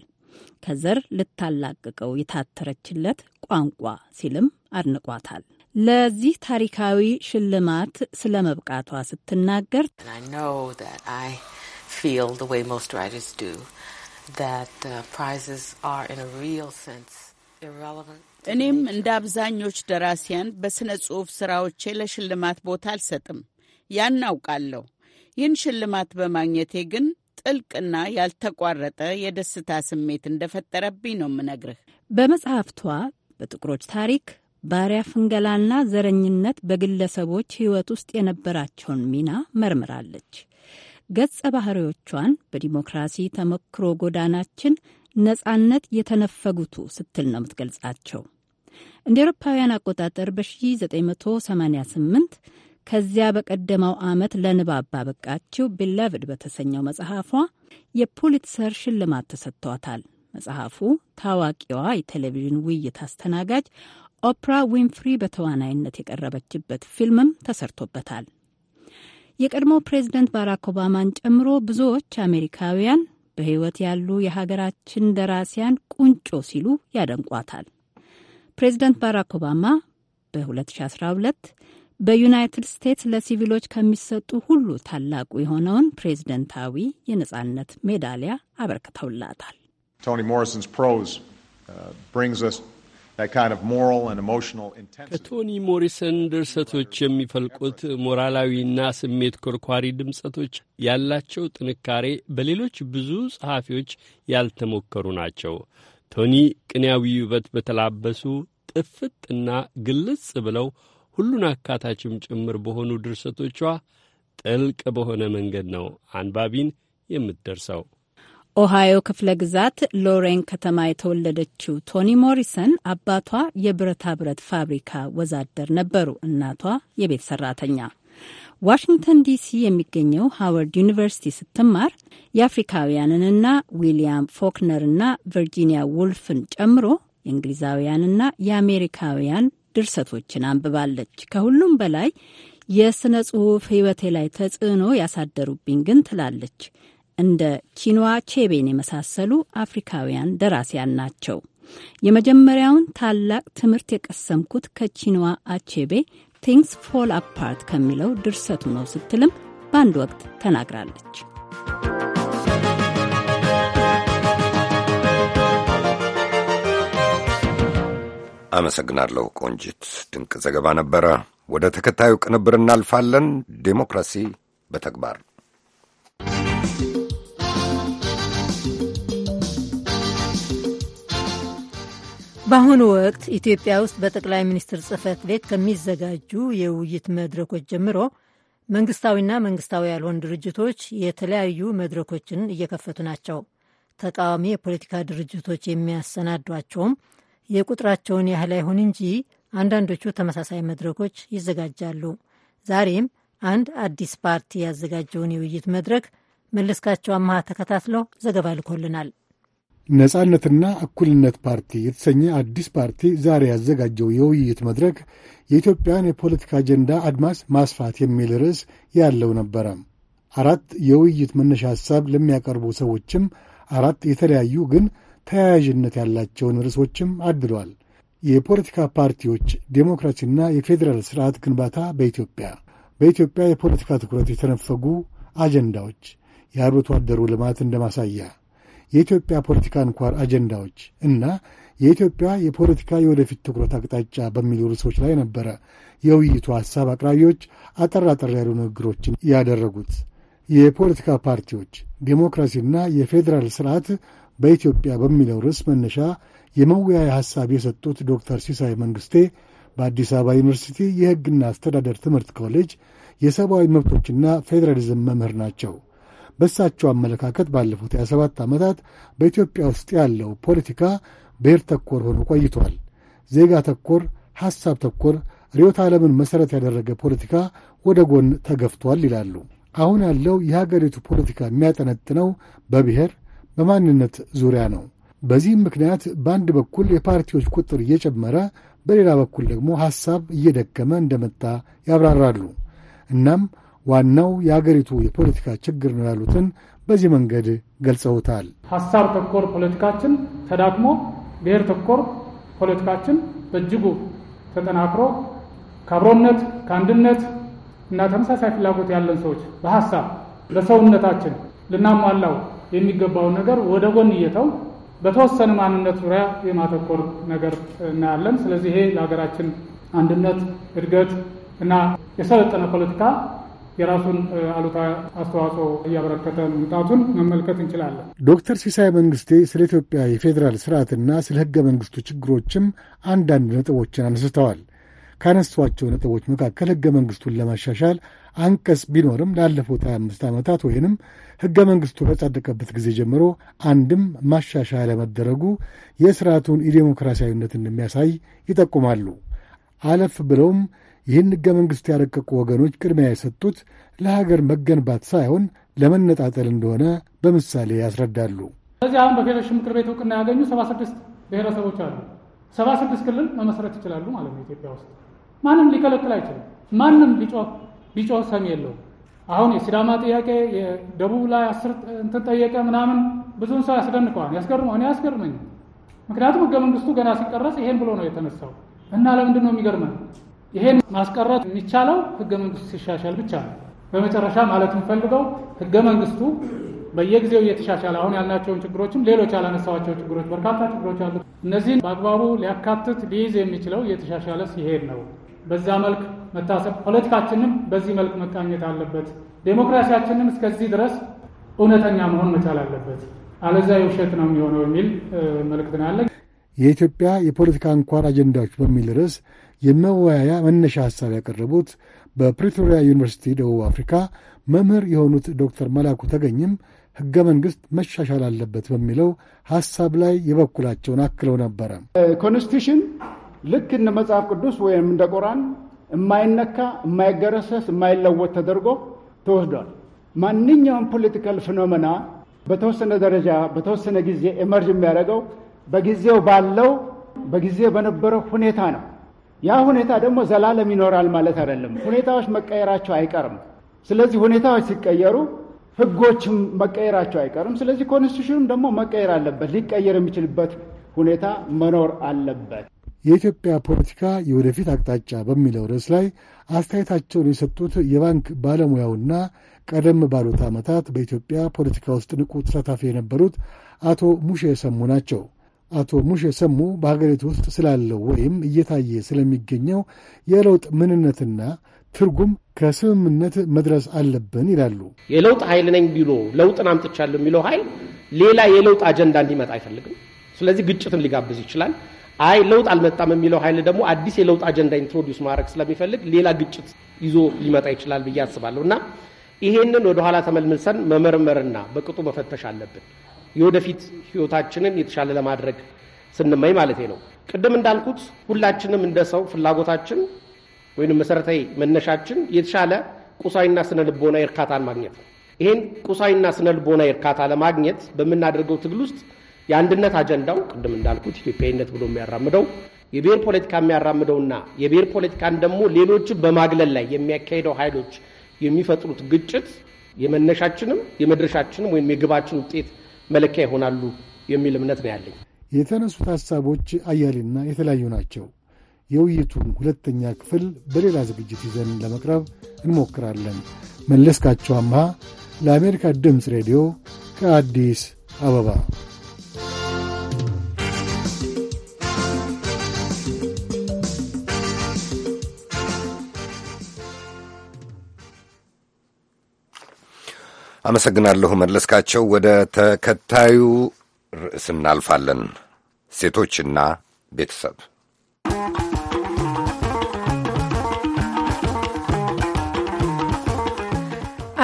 ከዘር ልታላቅቀው የታተረችለት ቋንቋ ሲልም አድንቋታል። ለዚህ ታሪካዊ ሽልማት ስለ መብቃቷ ስትናገር እኔም እንደ አብዛኞች ደራሲያን በሥነ ጽሑፍ ሥራዎቼ ለሽልማት ቦታ አልሰጥም። ያን አውቃለሁ። ይህን ሽልማት በማግኘቴ ግን ጥልቅና ያልተቋረጠ የደስታ ስሜት እንደፈጠረብኝ ነው የምነግርህ። በመጽሐፍቷ በጥቁሮች ታሪክ ባሪያ ፍንገላና ዘረኝነት በግለሰቦች ሕይወት ውስጥ የነበራቸውን ሚና መርምራለች። ገጸ ባህሪዎቿን በዲሞክራሲ ተሞክሮ ጎዳናችን ነጻነት የተነፈጉቱ ስትል ነው የምትገልጻቸው። እንደ ኤሮፓውያን አቆጣጠር በ1988 ከዚያ በቀደመው ዓመት ለንባብ ባበቃችው ቢለቭድ በተሰኘው መጽሐፏ የፑሊትሰር ሽልማት ተሰጥቷታል። መጽሐፉ ታዋቂዋ የቴሌቪዥን ውይይት አስተናጋጅ ኦፕራ ዊንፍሪ በተዋናይነት የቀረበችበት ፊልምም ተሰርቶበታል። የቀድሞ ፕሬዝደንት ባራክ ኦባማን ጨምሮ ብዙዎች አሜሪካውያን በሕይወት ያሉ የሀገራችን ደራሲያን ቁንጮ ሲሉ ያደንቋታል። ፕሬዝደንት ባራክ ኦባማ በ2012 በዩናይትድ ስቴትስ ለሲቪሎች ከሚሰጡ ሁሉ ታላቁ የሆነውን ፕሬዝደንታዊ የነጻነት ሜዳሊያ አበርክተውላታል። ቶኒ ሞሪሰንስ ፕሮዝ ብሪንግስ ከቶኒ ሞሪሰን ድርሰቶች የሚፈልቁት ሞራላዊና ስሜት ኮርኳሪ ድምጸቶች ያላቸው ጥንካሬ በሌሎች ብዙ ጸሐፊዎች ያልተሞከሩ ናቸው። ቶኒ ቅንያዊ ውበት በተላበሱ ጥፍጥና ግልጽ ብለው ሁሉን አካታችም ጭምር በሆኑ ድርሰቶቿ ጥልቅ በሆነ መንገድ ነው አንባቢን የምትደርሰው። ኦሃዮ ክፍለ ግዛት ሎሬን ከተማ የተወለደችው ቶኒ ሞሪሰን አባቷ የብረታ ብረት ፋብሪካ ወዛደር ነበሩ፣ እናቷ የቤት ሰራተኛ። ዋሽንግተን ዲሲ የሚገኘው ሃዋርድ ዩኒቨርሲቲ ስትማር የአፍሪካውያንንና ዊሊያም ፎክነርና ቨርጂኒያ ውልፍን ጨምሮ የእንግሊዛውያንና የአሜሪካውያን ድርሰቶችን አንብባለች። ከሁሉም በላይ የሥነ ጽሑፍ ሕይወቴ ላይ ተጽዕኖ ያሳደሩብኝ ግን ትላለች እንደ ኪንዋ ቼቤን የመሳሰሉ አፍሪካውያን ደራሲያን ናቸው። የመጀመሪያውን ታላቅ ትምህርት የቀሰምኩት ከቺንዋ አቼቤ ቲንግስ ፎል አፓርት ከሚለው ድርሰቱ ነው ስትልም በአንድ ወቅት ተናግራለች። አመሰግናለሁ ቆንጂት፣ ድንቅ ዘገባ ነበረ። ወደ ተከታዩ ቅንብር እናልፋለን። ዴሞክራሲ በተግባር በአሁኑ ወቅት ኢትዮጵያ ውስጥ በጠቅላይ ሚኒስትር ጽህፈት ቤት ከሚዘጋጁ የውይይት መድረኮች ጀምሮ መንግስታዊና መንግስታዊ ያልሆኑ ድርጅቶች የተለያዩ መድረኮችን እየከፈቱ ናቸው። ተቃዋሚ የፖለቲካ ድርጅቶች የሚያሰናዷቸውም የቁጥራቸውን ያህል አይሆን እንጂ አንዳንዶቹ ተመሳሳይ መድረኮች ይዘጋጃሉ። ዛሬም አንድ አዲስ ፓርቲ ያዘጋጀውን የውይይት መድረክ መለስካቸው አማሃ ተከታትለው ዘገባ ልኮልናል። ነጻነትና እኩልነት ፓርቲ የተሰኘ አዲስ ፓርቲ ዛሬ ያዘጋጀው የውይይት መድረክ የኢትዮጵያን የፖለቲካ አጀንዳ አድማስ ማስፋት የሚል ርዕስ ያለው ነበረ። አራት የውይይት መነሻ ሐሳብ ለሚያቀርቡ ሰዎችም አራት የተለያዩ ግን ተያያዥነት ያላቸውን ርዕሶችም አድሏል። የፖለቲካ ፓርቲዎች፣ ዴሞክራሲና የፌዴራል ሥርዓት ግንባታ በኢትዮጵያ፣ በኢትዮጵያ የፖለቲካ ትኩረት የተነፈጉ አጀንዳዎች፣ የአርብቶ አደሩ ልማት እንደማሳያ የኢትዮጵያ ፖለቲካ አንኳር አጀንዳዎች እና የኢትዮጵያ የፖለቲካ የወደፊት ትኩረት አቅጣጫ በሚሉ ርዕሶች ላይ ነበረ የውይይቱ ሐሳብ አቅራቢዎች አጠር አጠር ያሉ ንግግሮችን ያደረጉት። የፖለቲካ ፓርቲዎች ዴሞክራሲና የፌዴራል ስርዓት በኢትዮጵያ በሚለው ርዕስ መነሻ የመወያያ ሐሳብ የሰጡት ዶክተር ሲሳይ መንግስቴ በአዲስ አበባ ዩኒቨርሲቲ የሕግና አስተዳደር ትምህርት ኮሌጅ የሰብአዊ መብቶችና ፌዴራሊዝም መምህር ናቸው። በእሳቸው አመለካከት ባለፉት 27 ዓመታት በኢትዮጵያ ውስጥ ያለው ፖለቲካ ብሔር ተኮር ሆኖ ቆይቷል። ዜጋ ተኮር፣ ሐሳብ ተኮር፣ ርዕዮተ ዓለምን መሠረት ያደረገ ፖለቲካ ወደ ጎን ተገፍቷል ይላሉ። አሁን ያለው የሀገሪቱ ፖለቲካ የሚያጠነጥነው በብሔር በማንነት ዙሪያ ነው። በዚህም ምክንያት በአንድ በኩል የፓርቲዎች ቁጥር እየጨመረ በሌላ በኩል ደግሞ ሐሳብ እየደከመ እንደመጣ ያብራራሉ። እናም ዋናው የአገሪቱ የፖለቲካ ችግር ነው ያሉትን በዚህ መንገድ ገልጸውታል። ሀሳብ ተኮር ፖለቲካችን ተዳክሞ ብሔር ተኮር ፖለቲካችን በእጅጉ ተጠናክሮ ከአብሮነት ከአንድነት እና ተመሳሳይ ፍላጎት ያለን ሰዎች በሀሳብ በሰውነታችን ልናሟላው የሚገባውን ነገር ወደ ጎን እየተው በተወሰነ ማንነት ዙሪያ የማተኮር ነገር እናያለን። ስለዚህ ይሄ ለሀገራችን አንድነት፣ እድገት እና የሰለጠነ ፖለቲካ የራሱን አሉታ አስተዋጽኦ እያበረከተ መምጣቱን መመልከት እንችላለን። ዶክተር ሲሳይ መንግስቴ ስለ ኢትዮጵያ የፌዴራል ስርዓትና ስለ ህገ መንግስቱ ችግሮችም አንዳንድ ነጥቦችን አንስተዋል። ካነሷቸው ነጥቦች መካከል ህገ መንግስቱን ለማሻሻል አንቀጽ ቢኖርም ላለፉት 25 ዓመታት ወይንም ህገ መንግስቱ ከጸደቀበት ጊዜ ጀምሮ አንድም ማሻሻያ ለመደረጉ የሥርዓቱን ኢዴሞክራሲያዊነት እንደሚያሳይ ይጠቁማሉ። አለፍ ብለውም ይህን ሕገ መንግሥት ያረቀቁ ወገኖች ቅድሚያ የሰጡት ለሀገር መገንባት ሳይሆን ለመነጣጠል እንደሆነ በምሳሌ ያስረዳሉ። ስለዚህ አሁን በፌዴሬሽን ምክር ቤት እውቅና ያገኙ ሰባ ስድስት ብሔረሰቦች አሉ። ሰባ ስድስት ክልል መመስረት ይችላሉ ማለት ነው። ኢትዮጵያ ውስጥ ማንም ሊከለክል አይችልም። ማንም ቢጮህ ሰሚ የለው። አሁን የሲዳማ ጥያቄ የደቡብ ላይ አስር እንትን ጠየቀ ምናምን ብዙውን ሰው ያስደንቀዋል፣ ያስገርመ እኔ ያስገርመኝ ምክንያቱም ህገ መንግስቱ ገና ሲቀረጽ ይሄን ብሎ ነው የተነሳው እና ለምንድን ነው የሚገርመን? ይሄን ማስቀረት የሚቻለው ህገ መንግስቱ ሲሻሻል ብቻ ነው። በመጨረሻ ማለት የምፈልገው ህገ መንግስቱ በየጊዜው እየተሻሻለ አሁን ያልናቸውን ችግሮችም ሌሎች ያላነሳዋቸው ችግሮች በርካታ ችግሮች አሉ። እነዚህን በአግባቡ ሊያካትት ሊይዝ የሚችለው እየተሻሻለ ሲሄድ ነው። በዛ መልክ መታሰብ፣ ፖለቲካችንም በዚህ መልክ መቃኘት አለበት። ዴሞክራሲያችንም እስከዚህ ድረስ እውነተኛ መሆን መቻል አለበት። አለዛ የውሸት ነው የሚሆነው የሚል መልእክት ነው ያለኝ። የኢትዮጵያ የፖለቲካ አንኳር አጀንዳዎች በሚል ርዕስ የመወያያ መነሻ ሐሳብ ያቀረቡት በፕሪቶሪያ ዩኒቨርሲቲ ደቡብ አፍሪካ መምህር የሆኑት ዶክተር መላኩ ተገኝም ሕገ መንግሥት መሻሻል አለበት በሚለው ሐሳብ ላይ የበኩላቸውን አክለው ነበረ። ኮንስቲቱሽን ልክ እንደ መጽሐፍ ቅዱስ ወይም እንደ ቁርአን የማይነካ የማይገረሰስ፣ የማይለወጥ ተደርጎ ተወስዷል። ማንኛውም ፖለቲካል ፍኖመና በተወሰነ ደረጃ በተወሰነ ጊዜ ኤመርጅ የሚያደርገው በጊዜው ባለው በጊዜው በነበረው ሁኔታ ነው። ያ ሁኔታ ደግሞ ዘላለም ይኖራል ማለት አይደለም። ሁኔታዎች መቀየራቸው አይቀርም። ስለዚህ ሁኔታዎች ሲቀየሩ ህጎችም መቀየራቸው አይቀርም። ስለዚህ ኮንስቲቱሽንም ደግሞ መቀየር አለበት። ሊቀየር የሚችልበት ሁኔታ መኖር አለበት። የኢትዮጵያ ፖለቲካ የወደፊት አቅጣጫ በሚለው ርዕስ ላይ አስተያየታቸውን የሰጡት የባንክ ባለሙያውና ቀደም ባሉት ዓመታት በኢትዮጵያ ፖለቲካ ውስጥ ንቁ ተሳታፊ የነበሩት አቶ ሙሼ ሰሙ ናቸው። አቶ ሙሼ ሰሙ በሀገሪቱ ውስጥ ስላለው ወይም እየታየ ስለሚገኘው የለውጥ ምንነትና ትርጉም ከስምምነት መድረስ አለብን ይላሉ። የለውጥ ኃይል ነኝ ቢሎ ለውጥን አምጥቻለሁ የሚለው ኃይል ሌላ የለውጥ አጀንዳ እንዲመጣ አይፈልግም። ስለዚህ ግጭትን ሊጋብዝ ይችላል። አይ ለውጥ አልመጣም የሚለው ኃይል ደግሞ አዲስ የለውጥ አጀንዳ ኢንትሮዲውስ ማድረግ ስለሚፈልግ ሌላ ግጭት ይዞ ሊመጣ ይችላል ብዬ አስባለሁ እና ይሄንን ወደኋላ ተመልምልሰን መመርመርና በቅጡ መፈተሽ አለብን። የወደፊት ህይወታችንን የተሻለ ለማድረግ ስንመኝ ማለት ነው። ቅድም እንዳልኩት ሁላችንም እንደ ሰው ፍላጎታችን ወይም መሰረታዊ መነሻችን የተሻለ ቁሳዊና ስነ ልቦና እርካታን ማግኘት ነው። ይህን ቁሳዊና ስነ ልቦና እርካታ ለማግኘት በምናደርገው ትግል ውስጥ የአንድነት አጀንዳው ቅድም እንዳልኩት ኢትዮጵያዊነት ብሎ የሚያራምደው የብሔር ፖለቲካ የሚያራምደውና የብሔር ፖለቲካን ደግሞ ሌሎችን በማግለል ላይ የሚያካሄደው ኃይሎች የሚፈጥሩት ግጭት የመነሻችንም የመድረሻችንም ወይም የግባችን ውጤት መለኪያ ይሆናሉ የሚል እምነት ነው ያለኝ። የተነሱት ሀሳቦች አያሌና የተለያዩ ናቸው። የውይይቱን ሁለተኛ ክፍል በሌላ ዝግጅት ይዘን ለመቅረብ እንሞክራለን። መለስካቸው አምሃ ለአሜሪካ ድምፅ ሬዲዮ ከአዲስ አበባ አመሰግናለሁ መለስካቸው። ወደ ተከታዩ ርዕስ እናልፋለን። ሴቶችና ቤተሰብ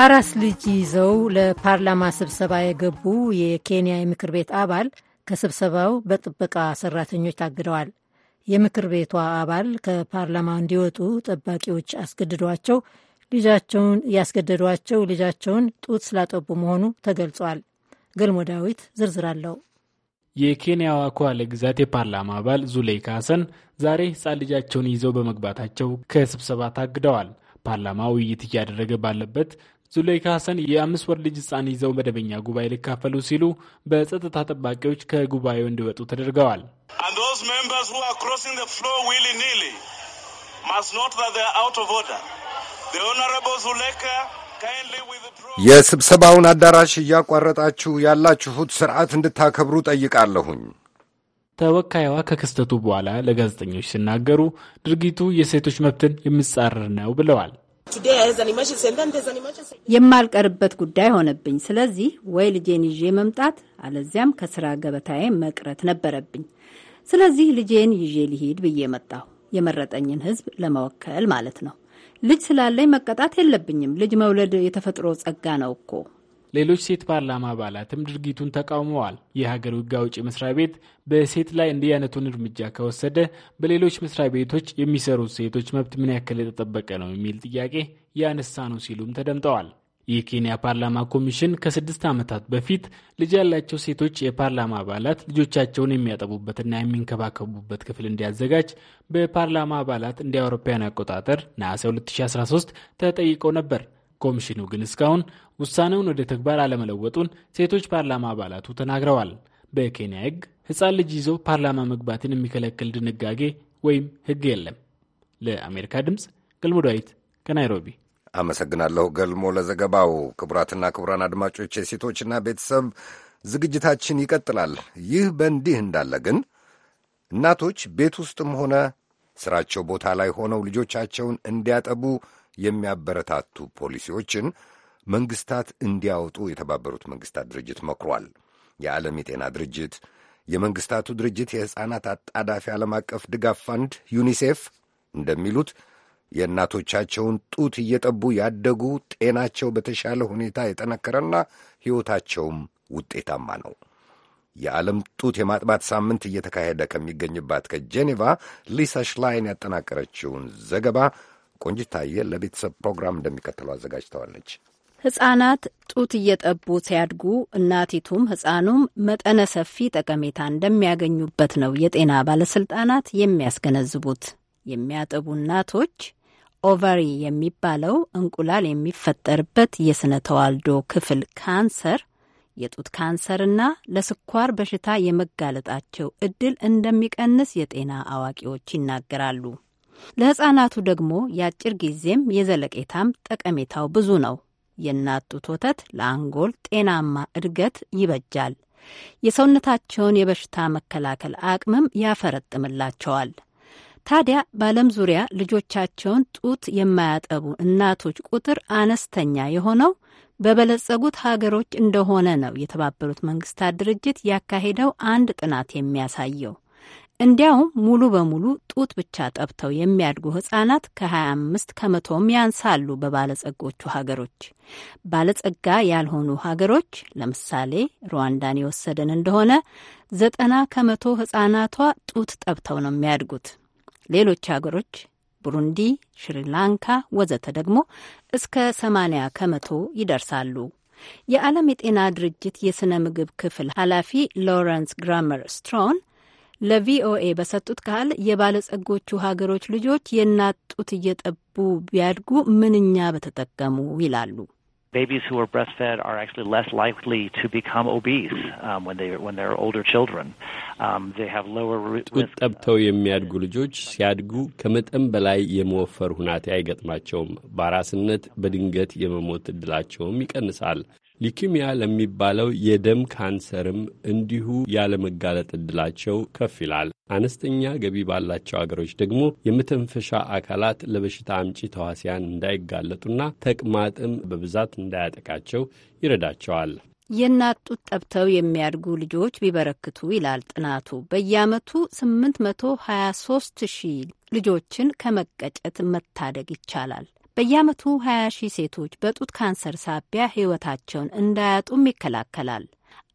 አራስ ልጅ ይዘው ለፓርላማ ስብሰባ የገቡ የኬንያ የምክር ቤት አባል ከስብሰባው በጥበቃ ሰራተኞች ታግደዋል። የምክር ቤቷ አባል ከፓርላማው እንዲወጡ ጠባቂዎች አስገድዷቸው ልጃቸውን እያስገደዷቸው ልጃቸውን ጡት ስላጠቡ መሆኑ ተገልጿል። ገልሞ ዳዊት ዝርዝር አለው። የኬንያዋ ኮዋሌ ግዛት የፓርላማ አባል ዙሌይካ ሀሰን ዛሬ ህፃን ልጃቸውን ይዘው በመግባታቸው ከስብሰባ ታግደዋል። ፓርላማ ውይይት እያደረገ ባለበት ዙሌይካ ሀሰን የአምስት ወር ልጅ ህፃን ይዘው መደበኛ ጉባኤ ሊካፈሉ ሲሉ በጸጥታ ጠባቂዎች ከጉባኤው እንዲወጡ ተደርገዋል። ሜምበርስ የስብሰባውን አዳራሽ እያቋረጣችሁ ያላችሁት ስርዓት እንድታከብሩ ጠይቃለሁኝ። ተወካይዋ ከክስተቱ በኋላ ለጋዜጠኞች ሲናገሩ ድርጊቱ የሴቶች መብትን የሚጻረር ነው ብለዋል። የማልቀርበት ጉዳይ ሆነብኝ። ስለዚህ ወይ ልጄን ይዤ መምጣት አለዚያም ከስራ ገበታዬ መቅረት ነበረብኝ። ስለዚህ ልጄን ይዤ ሊሄድ ብዬ መጣሁ። የመረጠኝን ህዝብ ለመወከል ማለት ነው። ልጅ ስላለኝ መቀጣት የለብኝም። ልጅ መውለድ የተፈጥሮ ጸጋ ነው እኮ። ሌሎች ሴት ፓርላማ አባላትም ድርጊቱን ተቃውመዋል። የሀገር ውጋ ውጪ መስሪያ ቤት በሴት ላይ እንዲህ አይነቱን እርምጃ ከወሰደ በሌሎች መስሪያ ቤቶች የሚሰሩት ሴቶች መብት ምን ያክል የተጠበቀ ነው የሚል ጥያቄ ያነሳ ነው ሲሉም ተደምጠዋል። የኬንያ ፓርላማ ኮሚሽን ከስድስት ዓመታት በፊት ልጅ ያላቸው ሴቶች የፓርላማ አባላት ልጆቻቸውን የሚያጠቡበትና የሚንከባከቡበት ክፍል እንዲያዘጋጅ በፓርላማ አባላት እንደ አውሮፓውያን አቆጣጠር ነሐሴ 2013 ተጠይቀው ነበር። ኮሚሽኑ ግን እስካሁን ውሳኔውን ወደ ተግባር አለመለወጡን ሴቶች ፓርላማ አባላቱ ተናግረዋል። በኬንያ ሕግ ሕፃን ልጅ ይዞ ፓርላማ መግባትን የሚከለክል ድንጋጌ ወይም ሕግ የለም። ለአሜሪካ ድምፅ ገልሞ ከናይሮቢ አመሰግናለሁ ገልሞ ለዘገባው። ክቡራትና ክቡራን አድማጮች የሴቶችና ቤተሰብ ዝግጅታችን ይቀጥላል። ይህ በእንዲህ እንዳለ ግን እናቶች ቤት ውስጥም ሆነ ሥራቸው ቦታ ላይ ሆነው ልጆቻቸውን እንዲያጠቡ የሚያበረታቱ ፖሊሲዎችን መንግሥታት እንዲያወጡ የተባበሩት መንግሥታት ድርጅት መክሯል። የዓለም የጤና ድርጅት፣ የመንግሥታቱ ድርጅት የሕፃናት አጣዳፊ ዓለም አቀፍ ድጋፍ ፋንድ ዩኒሴፍ እንደሚሉት የእናቶቻቸውን ጡት እየጠቡ ያደጉ ጤናቸው በተሻለ ሁኔታ የጠነከረና ሕይወታቸውም ውጤታማ ነው። የዓለም ጡት የማጥባት ሳምንት እየተካሄደ ከሚገኝባት ከጄኔቫ ሊሳ ሽላይን ያጠናቀረችውን ዘገባ ቆንጅታየ ለቤተሰብ ፕሮግራም እንደሚከተሉ አዘጋጅተዋለች። ሕፃናት ጡት እየጠቡ ሲያድጉ እናቲቱም ሕፃኑም መጠነ ሰፊ ጠቀሜታ እንደሚያገኙበት ነው የጤና ባለስልጣናት የሚያስገነዝቡት። የሚያጠቡ እናቶች ኦቨሪ የሚባለው እንቁላል የሚፈጠርበት የስነ ተዋልዶ ክፍል ካንሰር የጡት ካንሰርና ለስኳር በሽታ የመጋለጣቸው እድል እንደሚቀንስ የጤና አዋቂዎች ይናገራሉ። ለሕፃናቱ ደግሞ የአጭር ጊዜም የዘለቄታም ጠቀሜታው ብዙ ነው። የእናት ጡት ወተት ለአንጎል ጤናማ እድገት ይበጃል። የሰውነታቸውን የበሽታ መከላከል አቅምም ያፈረጥምላቸዋል። ታዲያ በዓለም ዙሪያ ልጆቻቸውን ጡት የማያጠቡ እናቶች ቁጥር አነስተኛ የሆነው በበለጸጉት ሀገሮች እንደሆነ ነው የተባበሩት መንግስታት ድርጅት ያካሄደው አንድ ጥናት የሚያሳየው። እንዲያውም ሙሉ በሙሉ ጡት ብቻ ጠብተው የሚያድጉ ህጻናት ከ25 ከመቶም ያንሳሉ በባለጸጎቹ ሀገሮች። ባለጸጋ ያልሆኑ ሀገሮች ለምሳሌ ሩዋንዳን የወሰደን እንደሆነ ዘጠና ከመቶ ህጻናቷ ጡት ጠብተው ነው የሚያድጉት። ሌሎች ሀገሮች ቡሩንዲ፣ ሽሪላንካ ወዘተ ደግሞ እስከ 80 ከመቶ ይደርሳሉ። የዓለም የጤና ድርጅት የሥነ ምግብ ክፍል ኃላፊ ሎረንስ ግራመር ስትሮን ለቪኦኤ በሰጡት ቃል የባለጸጎቹ ሀገሮች ልጆች የእናት ጡት እየጠቡ ቢያድጉ ምንኛ በተጠቀሙ ይላሉ። babies who are breastfed are actually less likely to become obese um, when they when they're older children. Um, they have lower ጡት ጠብተው የሚያድጉ ልጆች ሲያድጉ ከመጠን በላይ የመወፈር ሁናቴ አይገጥማቸውም። በአራስነት በድንገት የመሞት እድላቸውም ይቀንሳል። ሊኪሚያ ለሚባለው የደም ካንሰርም እንዲሁ ያለመጋለጥ እድላቸው ከፍ ይላል። አነስተኛ ገቢ ባላቸው አገሮች ደግሞ የመተንፈሻ አካላት ለበሽታ አምጪ ተዋሲያን እንዳይጋለጡና ተቅማጥም በብዛት እንዳያጠቃቸው ይረዳቸዋል። የእናት ጡት ጠብተው የሚያድጉ ልጆች ቢበረክቱ ይላል ጥናቱ በየአመቱ 823 ሺህ ልጆችን ከመቀጨት መታደግ ይቻላል። በየዓመቱ 20 ሺህ ሴቶች በጡት ካንሰር ሳቢያ ሕይወታቸውን እንዳያጡም ይከላከላል።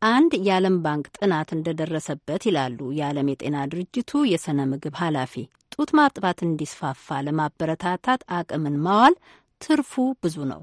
አንድ የዓለም ባንክ ጥናት እንደደረሰበት ይላሉ የዓለም የጤና ድርጅቱ የሥነ ምግብ ኃላፊ። ጡት ማጥባት እንዲስፋፋ ለማበረታታት አቅምን ማዋል ትርፉ ብዙ ነው።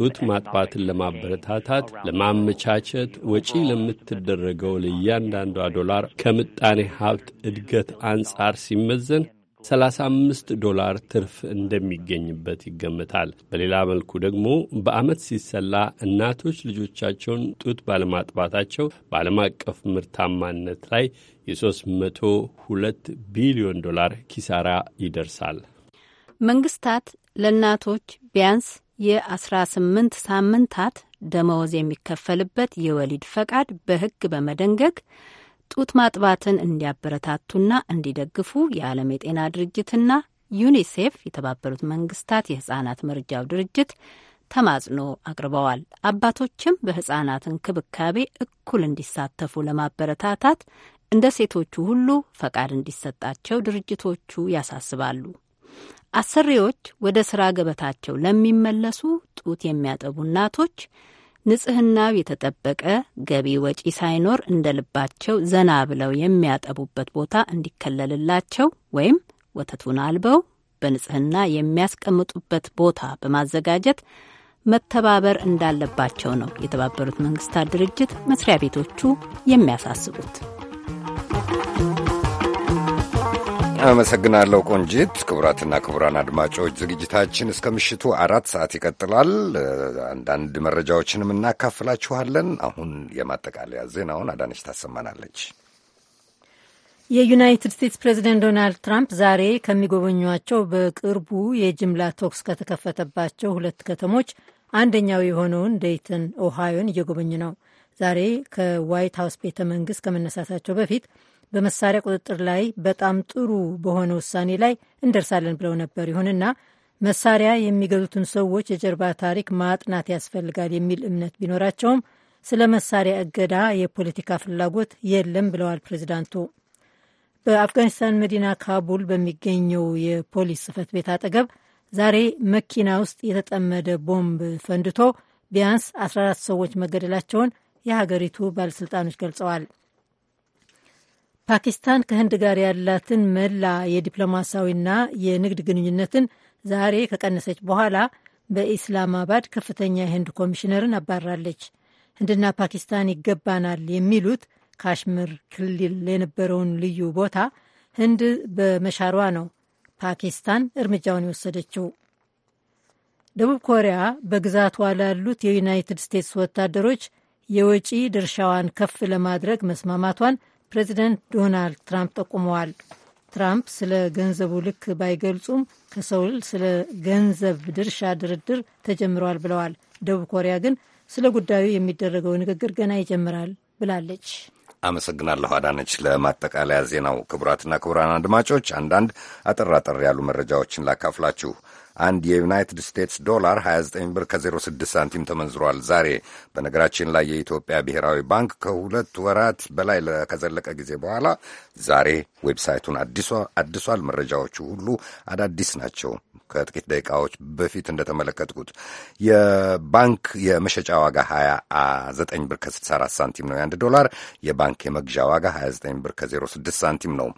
ጡት ማጥባትን ለማበረታታት ለማመቻቸት ወጪ ለምትደረገው ለእያንዳንዷ ዶላር ከምጣኔ ሀብት እድገት አንጻር ሲመዘን 35 ዶላር ትርፍ እንደሚገኝበት ይገምታል። በሌላ መልኩ ደግሞ በዓመት ሲሰላ እናቶች ልጆቻቸውን ጡት ባለማጥባታቸው በዓለም አቀፍ ምርታማነት ላይ የ302 ቢሊዮን ዶላር ኪሳራ ይደርሳል። መንግስታት ለእናቶች ቢያንስ የ18 ሳምንታት ደመወዝ የሚከፈልበት የወሊድ ፈቃድ በሕግ በመደንገግ ጡት ማጥባትን እንዲያበረታቱና እንዲደግፉ የዓለም የጤና ድርጅትና ዩኒሴፍ የተባበሩት መንግስታት የህጻናት መርጃው ድርጅት ተማጽኖ አቅርበዋል። አባቶችም በህጻናት እንክብካቤ እኩል እንዲሳተፉ ለማበረታታት እንደ ሴቶቹ ሁሉ ፈቃድ እንዲሰጣቸው ድርጅቶቹ ያሳስባሉ። አሰሪዎች ወደ ስራ ገበታቸው ለሚመለሱ ጡት የሚያጠቡ እናቶች ንጽህናው የተጠበቀ ገቢ ወጪ ሳይኖር እንደ ልባቸው ዘና ብለው የሚያጠቡበት ቦታ እንዲከለልላቸው ወይም ወተቱን አልበው በንጽህና የሚያስቀምጡበት ቦታ በማዘጋጀት መተባበር እንዳለባቸው ነው የተባበሩት መንግስታት ድርጅት መስሪያ ቤቶቹ የሚያሳስቡት። አመሰግናለሁ ቆንጂት። ክቡራትና ክቡራን አድማጮች ዝግጅታችን እስከ ምሽቱ አራት ሰዓት ይቀጥላል። አንዳንድ መረጃዎችንም እናካፍላችኋለን። አሁን የማጠቃለያ ዜናውን አዳነች ታሰማናለች። የዩናይትድ ስቴትስ ፕሬዚደንት ዶናልድ ትራምፕ ዛሬ ከሚጎበኟቸው በቅርቡ የጅምላ ቶክስ ከተከፈተባቸው ሁለት ከተሞች አንደኛው የሆነውን ደይተን ኦሃዮን እየጎበኙ ነው። ዛሬ ከዋይት ሀውስ ቤተ መንግስት ከመነሳታቸው በፊት በመሳሪያ ቁጥጥር ላይ በጣም ጥሩ በሆነ ውሳኔ ላይ እንደርሳለን ብለው ነበር። ይሁንና መሳሪያ የሚገዙትን ሰዎች የጀርባ ታሪክ ማጥናት ያስፈልጋል የሚል እምነት ቢኖራቸውም ስለ መሳሪያ እገዳ የፖለቲካ ፍላጎት የለም ብለዋል ፕሬዚዳንቱ። በአፍጋኒስታን መዲና ካቡል በሚገኘው የፖሊስ ጽህፈት ቤት አጠገብ ዛሬ መኪና ውስጥ የተጠመደ ቦምብ ፈንድቶ ቢያንስ 14 ሰዎች መገደላቸውን የሀገሪቱ ባለሥልጣኖች ገልጸዋል። ፓኪስታን ከህንድ ጋር ያላትን መላ የዲፕሎማሲያዊና የንግድ ግንኙነትን ዛሬ ከቀነሰች በኋላ በኢስላማባድ ከፍተኛ የህንድ ኮሚሽነርን አባራለች። ህንድና ፓኪስታን ይገባናል የሚሉት ካሽሚር ክልል የነበረውን ልዩ ቦታ ህንድ በመሻሯ ነው ፓኪስታን እርምጃውን የወሰደችው። ደቡብ ኮሪያ በግዛቷ ላሉት የዩናይትድ ስቴትስ ወታደሮች የወጪ ድርሻዋን ከፍ ለማድረግ መስማማቷን ፕሬዚደንት ዶናልድ ትራምፕ ጠቁመዋል። ትራምፕ ስለ ገንዘቡ ልክ ባይገልጹም ከሰውል ስለ ገንዘብ ድርሻ ድርድር ተጀምረዋል ብለዋል። ደቡብ ኮሪያ ግን ስለ ጉዳዩ የሚደረገው ንግግር ገና ይጀምራል ብላለች። አመሰግናለሁ አዳነች። ለማጠቃለያ ዜናው ክቡራትና ክቡራን አድማጮች አንዳንድ አጠር አጠር ያሉ መረጃዎችን ላካፍላችሁ። አንድ የዩናይትድ ስቴትስ ዶላር 29 ብር ከ06 ሳንቲም ተመንዝሯል። ዛሬ በነገራችን ላይ የኢትዮጵያ ብሔራዊ ባንክ ከሁለት ወራት በላይ ከዘለቀ ጊዜ በኋላ ዛሬ ዌብሳይቱን አድሷል። መረጃዎቹ ሁሉ አዳዲስ ናቸው። ከጥቂት ደቂቃዎች በፊት እንደተመለከትኩት የባንክ የመሸጫ ዋጋ 29 ብር ከ64 ሳንቲም ነው የአንድ ዶላር። የባንክ የመግዣ ዋጋ 29 ብር ከ06 ሳንቲም ነው።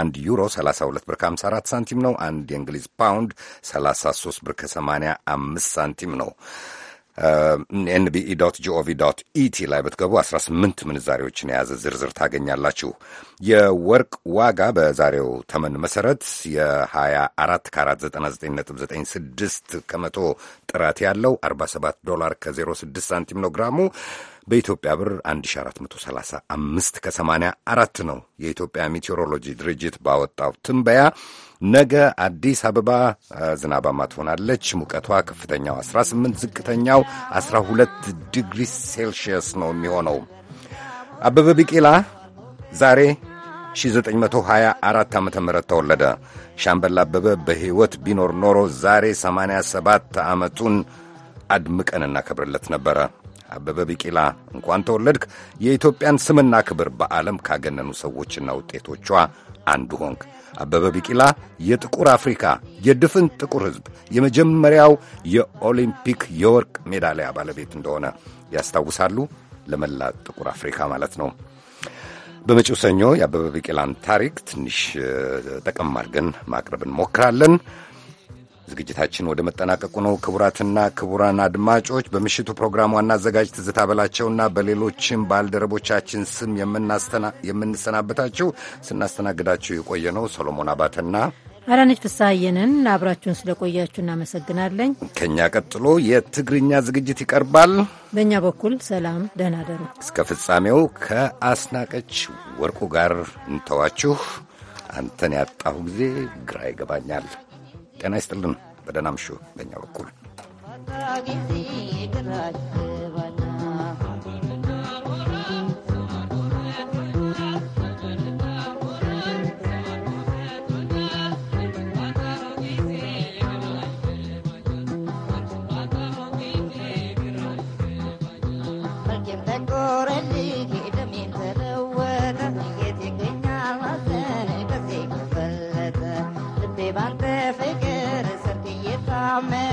አንድ ዩሮ 32 ብር ከ54 ሳንቲም ነው። አንድ የእንግሊዝ ፓውንድ 33 ብር ከ85 ሳንቲም ነው። ኤንቢኢ ዶት ጂኦቪ ዶት ኢቲ ላይ ብትገቡ 18 ምንዛሪዎችን የያዘ ዝርዝር ታገኛላችሁ። የወርቅ ዋጋ በዛሬው ተመን መሰረት የ24 ካራት 99.96 ከመቶ ጥራት ያለው 47 ዶላር ከ06 ሳንቲም ነው ግራሙ። በኢትዮጵያ ብር 1435 ከ84 ነው። የኢትዮጵያ ሜቴሮሎጂ ድርጅት ባወጣው ትንበያ ነገ አዲስ አበባ ዝናባማ ትሆናለች። ሙቀቷ ከፍተኛው 18፣ ዝቅተኛው 12 ዲግሪ ሴልሺየስ ነው የሚሆነው። አበበ ቢቂላ ዛሬ 1924 ዓ ም ተወለደ። ሻምበል አበበ በሕይወት ቢኖር ኖሮ ዛሬ 87 ዓመቱን አድምቀን እናከብርለት ነበረ። አበበ ቢቂላ እንኳን ተወለድክ። የኢትዮጵያን ስምና ክብር በዓለም ካገነኑ ሰዎችና ውጤቶቿ አንዱ ሆንክ። አበበ ቢቂላ የጥቁር አፍሪካ የድፍን ጥቁር ሕዝብ የመጀመሪያው የኦሊምፒክ የወርቅ ሜዳሊያ ባለቤት እንደሆነ ያስታውሳሉ። ለመላ ጥቁር አፍሪካ ማለት ነው። በመጪው ሰኞ የአበበ ቢቂላን ታሪክ ትንሽ ጠቀም አድርገን ማቅረብ እንሞክራለን። ዝግጅታችን ወደ መጠናቀቁ ነው። ክቡራትና ክቡራን አድማጮች በምሽቱ ፕሮግራም ዋና አዘጋጅ ትዝታ በላቸውና በሌሎችም ባልደረቦቻችን ስም የምንሰናበታችሁ ስናስተናግዳችሁ የቆየ ነው ሰሎሞን አባተና አዳነች ፍስሐየንን። አብራችሁን ስለቆያችሁ እናመሰግናለን። ከእኛ ቀጥሎ የትግርኛ ዝግጅት ይቀርባል። በእኛ በኩል ሰላም፣ ደህና ደሩ። እስከ ፍጻሜው ከአስናቀች ወርቁ ጋር እንተዋችሁ። አንተን ያጣሁ ጊዜ ግራ ይገባኛል። ጤና ይስጥልን። በደህና ምሹ በእኛ በኩል Amen.